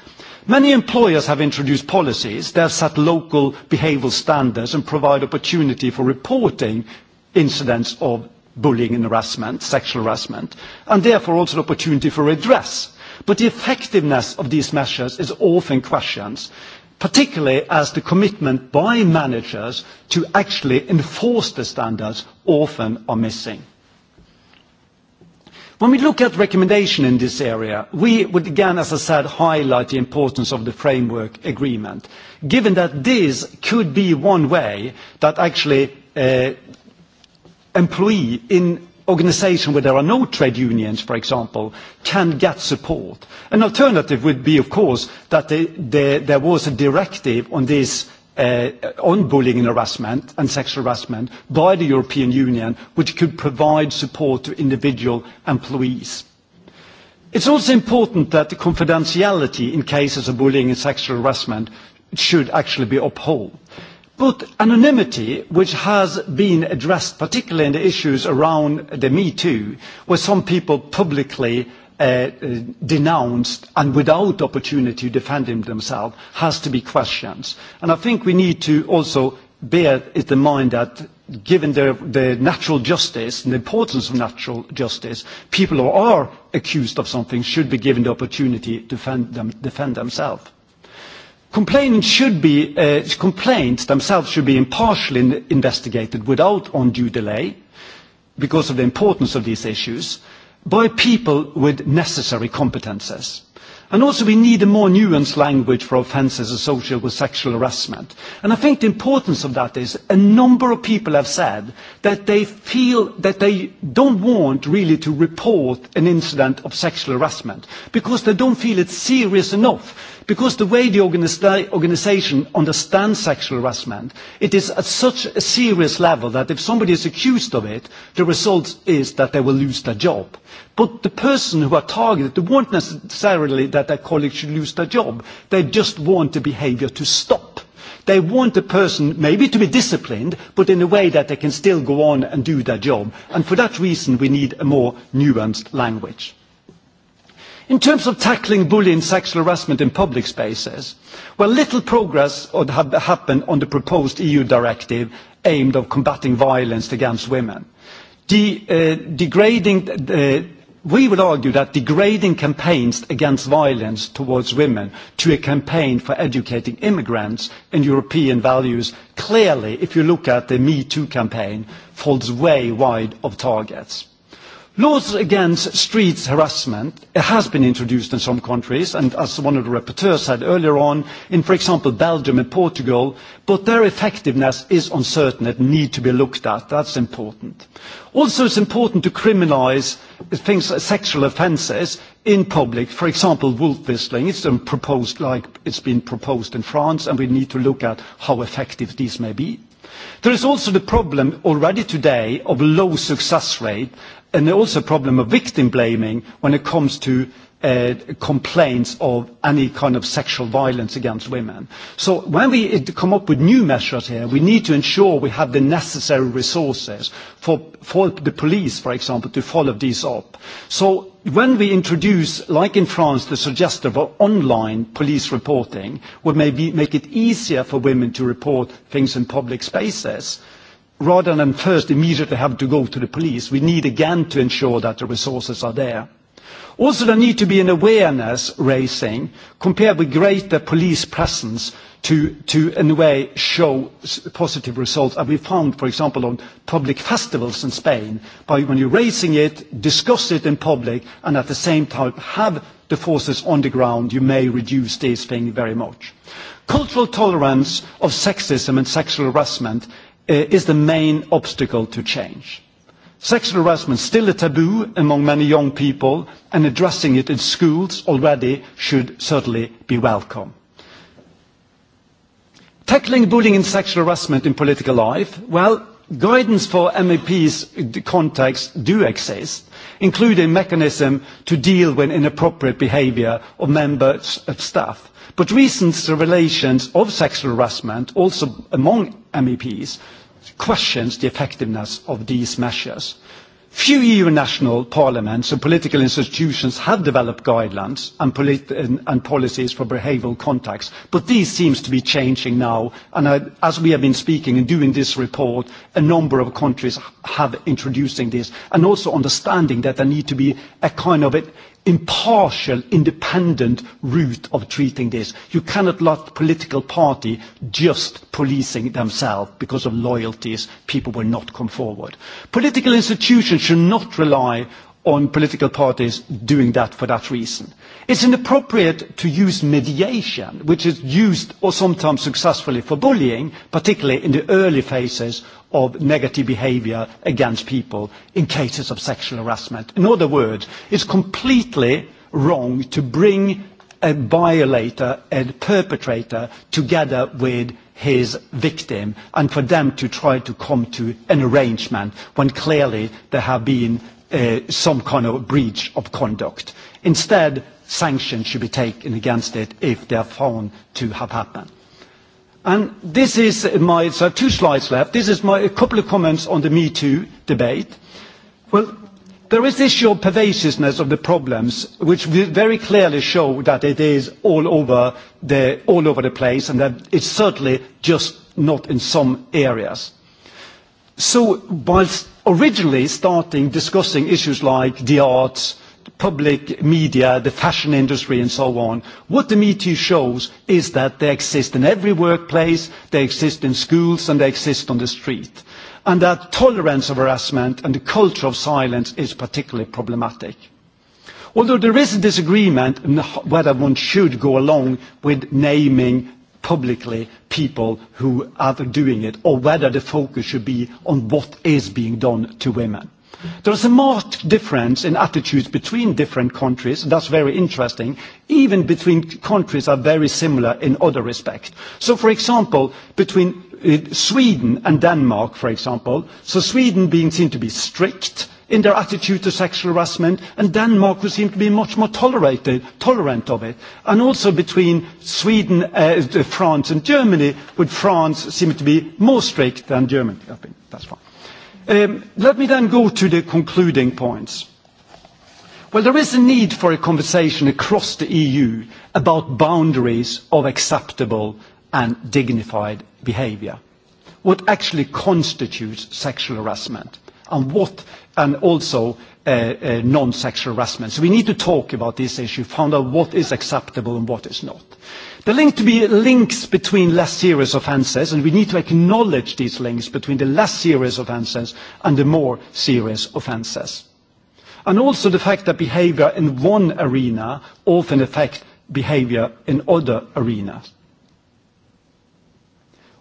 Many employers have introduced policies. They have set local behavioural standards and provide opportunity for reporting incidents of bullying and harassment, sexual harassment, and therefore also an opportunity for redress. But the effectiveness of these measures is often questioned particularly as the commitment by managers to actually enforce the standards often are missing. When we look at recommendation in this area, we would again, as I said, highlight the importance of the framework agreement, given that this could be one way that actually employee in organisations where there are no trade unions, for example, can get support. An alternative would be, of course, that there was a directive on this on bullying and harassment and sexual harassment by the European Union, which could provide support to individual employees. It is also important that the confidentiality in cases of bullying and sexual harassment should actually be upheld. But anonymity, which has been addressed particularly in the issues around the Me Too, where some people publicly uh, denounced and without opportunity to defend themselves, has to be questioned. And I think we need to also bear it in mind that given the, the natural justice and the importance of natural justice, people who are accused of something should be given the opportunity to defend, them, defend themselves. Complainants should be, uh, complaints themselves should be impartially investigated without undue delay, because of the importance of these issues, by people with necessary competences. And also we need a more nuanced language for offences associated with sexual harassment. And I think the importance of that is a number of people have said that they feel that they don't want really to report an incident of sexual harassment because they don't feel it's serious enough Because the way the organisation understands sexual harassment, it is at such a serious level that if somebody is accused of it, the result is that they will lose their job. But the person who are targeted, they won't necessarily that their colleague should lose their job. They just want the behaviour to stop. They want the person maybe to be disciplined, but in a way that they can still go on and do their job. And for that reason, we need a more nuanced language. In terms of tackling bullying sexual harassment in public spaces, well, little progress had happened on the proposed EU directive aimed at combating violence against women. degrading, we would argue that degrading campaigns against violence towards women to a campaign for educating immigrants in European values clearly, if you look at the Me Too campaign, falls way wide of targets. Laws against street harassment has been introduced in some countries, and as one of the rapporteurs said earlier on, in, for example, Belgium and Portugal, but their effectiveness is uncertain. It needs to be looked at. That's important. Also, it's important to criminalise things, sexual offences in public. For example, wolf whistling. It's been proposed like it's been proposed in France, and we need to look at how effective these may be. There is also the problem already today of low success rate and also a problem of victim blaming when it comes to uh, complaints of any kind of sexual violence against women. So when we come up with new measures here, we need to ensure we have the necessary resources for, for the police, for example, to follow these up. So when we introduce, like in France, the suggestion of online police reporting, would maybe make it easier for women to report things in public spaces rather than first immediately have to go to the police, we need again to ensure that the resources are there. Also, there need to be an awareness raising compared with greater police presence to, to in a way, show positive results. And we found, for example, on public festivals in Spain, by when you're raising it, discuss it in public, and at the same time have the forces on the ground, you may reduce this thing very much. Cultural tolerance of sexism and sexual harassment is the main obstacle to change. Sexual harassment is still a taboo among many young people, and addressing it in schools already should certainly be welcome. Tackling bullying and sexual harassment in political life, well, guidance for MEPs contacts do exist, including mechanism to deal with inappropriate behaviour of members of staff. But recent revelations of sexual harassment, also among MEPs, questions the effectiveness of these measures. Few EU national parliaments and political institutions have developed guidelines and, policies for behavioural contacts, but these seems to be changing now. And as we have been speaking and doing this report, a number of countries have introducing this, and also understanding that there need to be a kind of impartial, independent route of treating this. You cannot let political party just policing themselves because of loyalties. People will not come forward. Political institutions should not rely on political parties doing that for that reason. It's inappropriate to use mediation, which is used or sometimes successfully for bullying, particularly in the early phases of negative behaviour against people in cases of sexual harassment. In other words, it's completely wrong to bring a violator and perpetrator together with his victim and for them to try to come to an arrangement when clearly there have been some kind of breach of conduct. Instead, sanctions should be taken against it if they are found to have happened. And this is my, so I have two slides left. This is my, a couple of comments on the Me Too debate. Well, there is this issue of pervasiveness of the problems, which we very clearly show that it is all over the, all over the place and that it's certainly just not in some areas. So whilst originally starting discussing issues like the arts, public media, the fashion industry and so on, what the Me Too shows is that they exist in every workplace, they exist in schools and they exist on the street. And that tolerance of harassment and the culture of silence is particularly problematic. Although there is a disagreement on whether one should go along with naming publicly people who are doing it, or whether the focus should be on what is being done to women. There is a marked difference in attitudes between different countries. That's very interesting. Even between countries are very similar in other respects. So, for example, between Sweden and Denmark, for example, so Sweden being seen to be strict, in their attitude to sexual harassment, and Denmark would seem to be much more tolerated, tolerant of it. And also between Sweden, uh, France and Germany, would France seem to be more strict than Germany? I think that's fine. Um, let me then go to the concluding points. Well, there is a need for a conversation across the EU about boundaries of acceptable and dignified behaviour. What actually constitutes sexual harassment? and what and also non-sexual harassment. So we need to talk about this issue, find out what is acceptable and what is not. There link to be links between less serious offences, and we need to acknowledge these links between the less serious offences and the more serious offences. And also the fact that behaviour in one arena often affects behaviour in other arenas.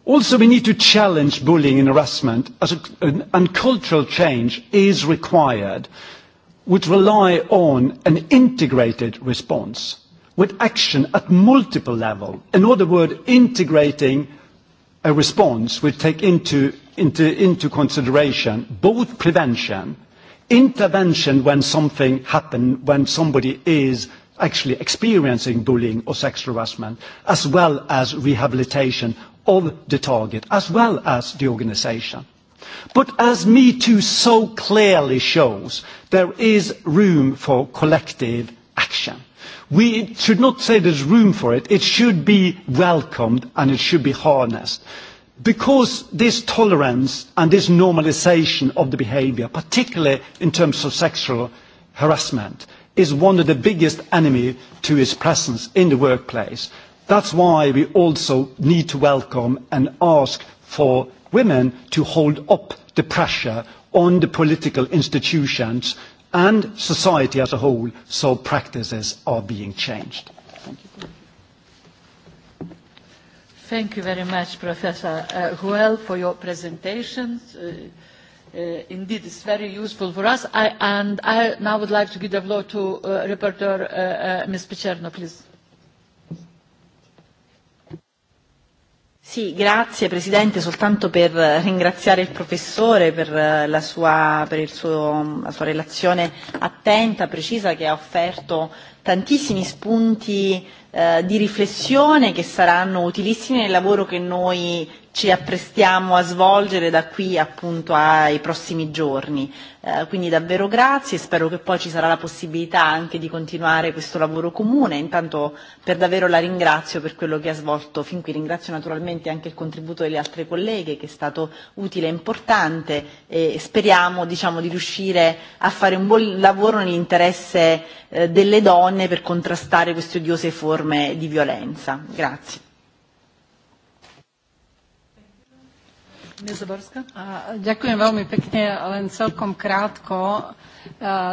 Also, we need to challenge bullying and harassment, as a, an, and cultural change is required, which rely on an integrated response with action at multiple levels. In other words, integrating a response will take into, into, into consideration both prevention, intervention when something happens, when somebody is actually experiencing bullying or sexual harassment, as well as rehabilitation of the target as well as the organization. But as Me Too so clearly shows, there is room for collective action. We should not say there's room for it. It should be welcomed and it should be harnessed. Because this tolerance and this normalization of the behavior, particularly in terms of sexual harassment, is one of the biggest enemies to its presence in the workplace That's why we also need to welcome and ask for women to hold up the pressure on the political institutions and society as a whole so practices are being changed. Thank you. Thank you very much, Professor uh, Huel, for your presentation. Uh, uh, indeed, it's very useful for us. I, and I now would like to give the floor to uh, Reporter uh, uh, Ms. Picerno, please. Sì, grazie Presidente, soltanto per ringraziare il Professore per, la sua, per il suo, la sua relazione attenta, precisa, che ha offerto tantissimi spunti eh, di riflessione che saranno utilissimi nel lavoro che noi ci apprestiamo a svolgere da qui appunto ai prossimi giorni. Eh, quindi davvero grazie, spero che poi ci sarà la possibilità anche di continuare questo lavoro comune. Intanto per davvero la ringrazio per quello che ha svolto fin qui, ringrazio naturalmente anche il contributo delle altre colleghe che è stato utile e importante e speriamo diciamo, di riuscire a fare un buon lavoro nell'interesse eh, delle donne per contrastare queste odiose forme di violenza. Grazie. Ďakujem veľmi pekne, len celkom krátko.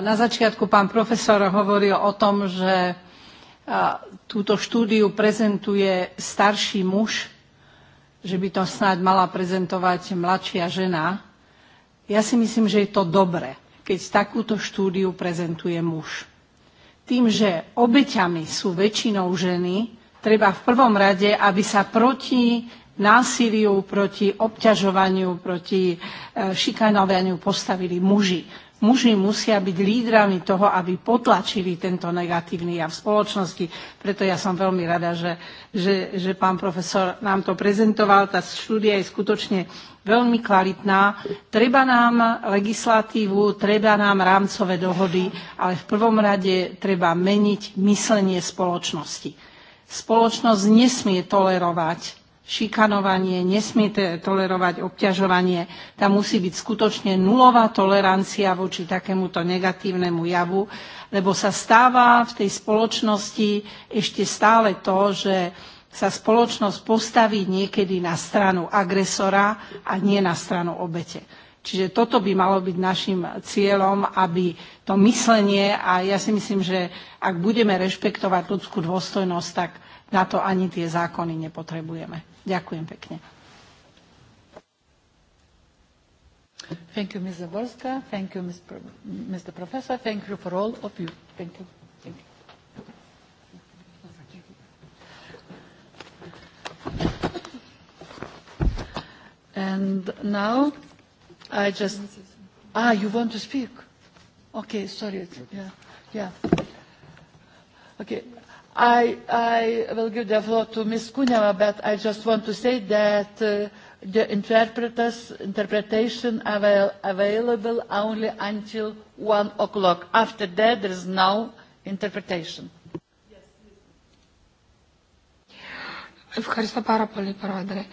Na začiatku pán profesor hovoril o tom, že túto štúdiu prezentuje starší muž, že by to snáď mala prezentovať mladšia žena. Ja si myslím, že je to dobre, keď takúto štúdiu prezentuje muž. Tým, že obeťami sú väčšinou ženy, treba v prvom rade, aby sa proti násiliu, proti obťažovaniu, proti šikanovaniu postavili muži. Muži musia byť lídrami toho, aby potlačili tento negatívny jav spoločnosti. Preto ja som veľmi rada, že, že, že pán profesor nám to prezentoval. Tá štúdia je skutočne veľmi kvalitná. Treba nám legislatívu, treba nám rámcové dohody, ale v prvom rade treba meniť myslenie spoločnosti. Spoločnosť nesmie tolerovať šikanovanie, nesmiete tolerovať obťažovanie. Tam musí byť skutočne nulová tolerancia voči takémuto negatívnemu javu, lebo sa stáva v tej spoločnosti ešte stále to, že sa spoločnosť postaví niekedy na stranu agresora a nie na stranu obete. Čiže toto by malo byť našim cieľom, aby to myslenie, a ja si myslím, že ak budeme rešpektovať ľudskú dôstojnosť, tak na to ani tie zákony nepotrebujeme. Ďakujem pekne. Thank you, Ms. Zaborska. Thank you, Mr. Professor. Thank you for all of you. Thank you. Thank you. And now I just ah, you want to speak? Okay, sorry. Yeah, yeah. Okay, I, will give the floor to Ms. Kuneva, but I just want to say that uh, the interpreters interpretation avail, available only until one o'clock. After that, there is no interpretation. Ευχαριστώ πάρα πολύ, Πρόεδρε.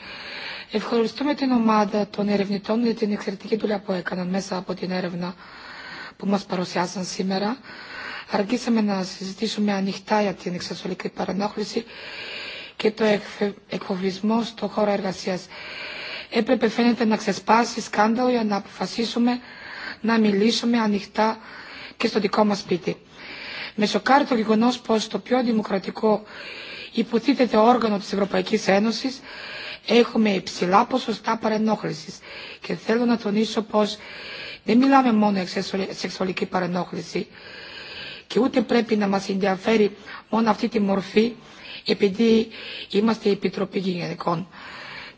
Ευχαριστούμε την ομάδα των ερευνητών για την εξαιρετική δουλειά που έκαναν μέσα από την έρευνα που μας παρουσιάσαν σήμερα αργήσαμε να συζητήσουμε ανοιχτά για την εξασφαλική παρενόχληση και το εκφοβισμό στον χώρο εργασία. Έπρεπε φαίνεται να ξεσπάσει σκάνδαλο για να αποφασίσουμε να μιλήσουμε ανοιχτά και στο δικό μα σπίτι. Με σοκάρει το γεγονό πω το πιο δημοκρατικό υποτίθεται όργανο τη Ευρωπαϊκή Ένωση έχουμε υψηλά ποσοστά παρενόχληση. Και θέλω να τονίσω πω δεν μιλάμε μόνο για σεξουαλική παρενόχληση και ούτε πρέπει να μας ενδιαφέρει μόνο αυτή τη μορφή επειδή είμαστε η Επιτροπή Γυναικών.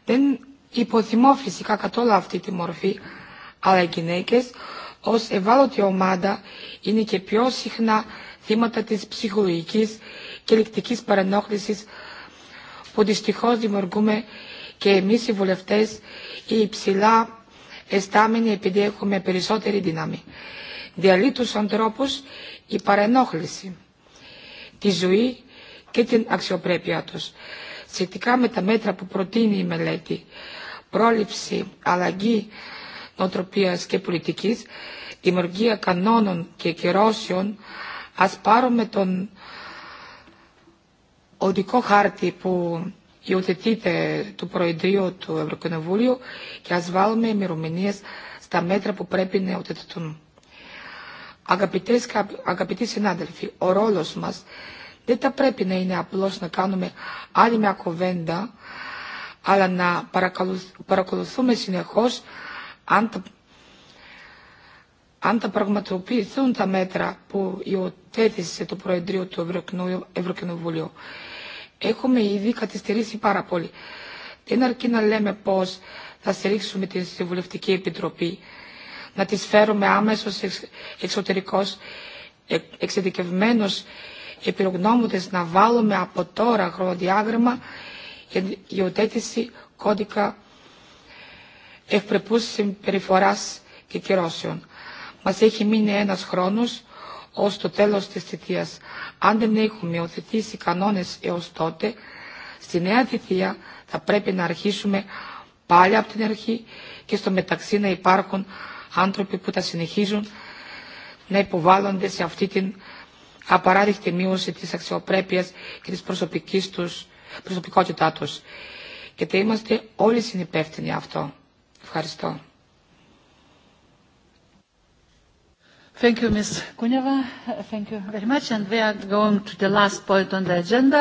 Δεν υποθυμώ φυσικά καθόλου αυτή τη μορφή, αλλά οι γυναίκες ως ευάλωτη ομάδα είναι και πιο συχνά θύματα της ψυχολογικής και ληκτικής παρενόχλησης που δυστυχώς δημιουργούμε και εμείς οι βουλευτές οι υψηλά εστάμενοι επειδή έχουμε περισσότερη δύναμη. Διαλύει τους ανθρώπους η παρενόχληση, τη ζωή και την αξιοπρέπειά τους. Σχετικά με τα μέτρα που προτείνει η μελέτη, πρόληψη, αλλαγή νοοτροπίας και πολιτικής, δημιουργία κανόνων και κυρώσεων, ας πάρουμε τον οδικό χάρτη που υιοθετείται του Προεδρείου του Ευρωκοινοβούλιο και ας βάλουμε ημερομηνίες στα μέτρα που πρέπει να υιοθετηθούν. Αγαπητές, αγαπητοί συνάδελφοι, ο ρόλος μας δεν θα πρέπει να είναι απλώς να κάνουμε άλλη μια κοβέντα, αλλά να παρακολουθούμε συνεχώς αν τα, αν τα πραγματοποιηθούν τα μέτρα που υιοθέτησε το Προεδρείο του Ευρωκοινοβουλίου. Έχουμε ήδη καθυστερήσει πάρα πολύ. Δεν αρκεί να λέμε πώς θα στηρίξουμε τη Συμβουλευτική Επιτροπή, να τις φέρουμε άμεσως εξωτερικώς εξειδικευμένους επιλογνώμοντες να βάλουμε από τώρα χρονοδιάγραμμα για υιοθέτηση κώδικα ευπρεπούς συμπεριφοράς και κυρώσεων. Μας έχει μείνει ένας χρόνος ως το τέλος της θητείας. Αν δεν έχουμε οθετήσει κανόνες έως τότε, στη νέα θητεία θα πρέπει να αρχίσουμε πάλι από την αρχή και στο μεταξύ να υπάρχουν άνθρωποι που τα συνεχίζουν να υποβάλλονται σε αυτή την απαράδεκτη μείωση της αξιοπρέπειας και της προσωπικής τους, προσωπικότητά τους. Και θα είμαστε όλοι συνυπεύθυνοι αυτό. Ευχαριστώ. Thank you, Ms. Kuneva. Thank you very much. And we are going to the last point on the agenda.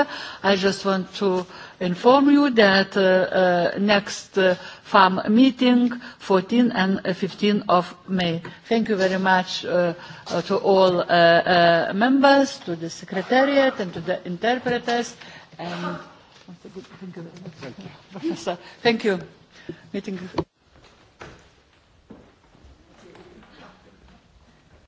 I just want to uh, inform you that uh, uh, next uh, farm meeting, 14 and 15 of May. Thank you very much uh, uh, to all uh, uh, members, to the secretariat and to the interpreters. And thank you very much. Professor, thank you. Meeting.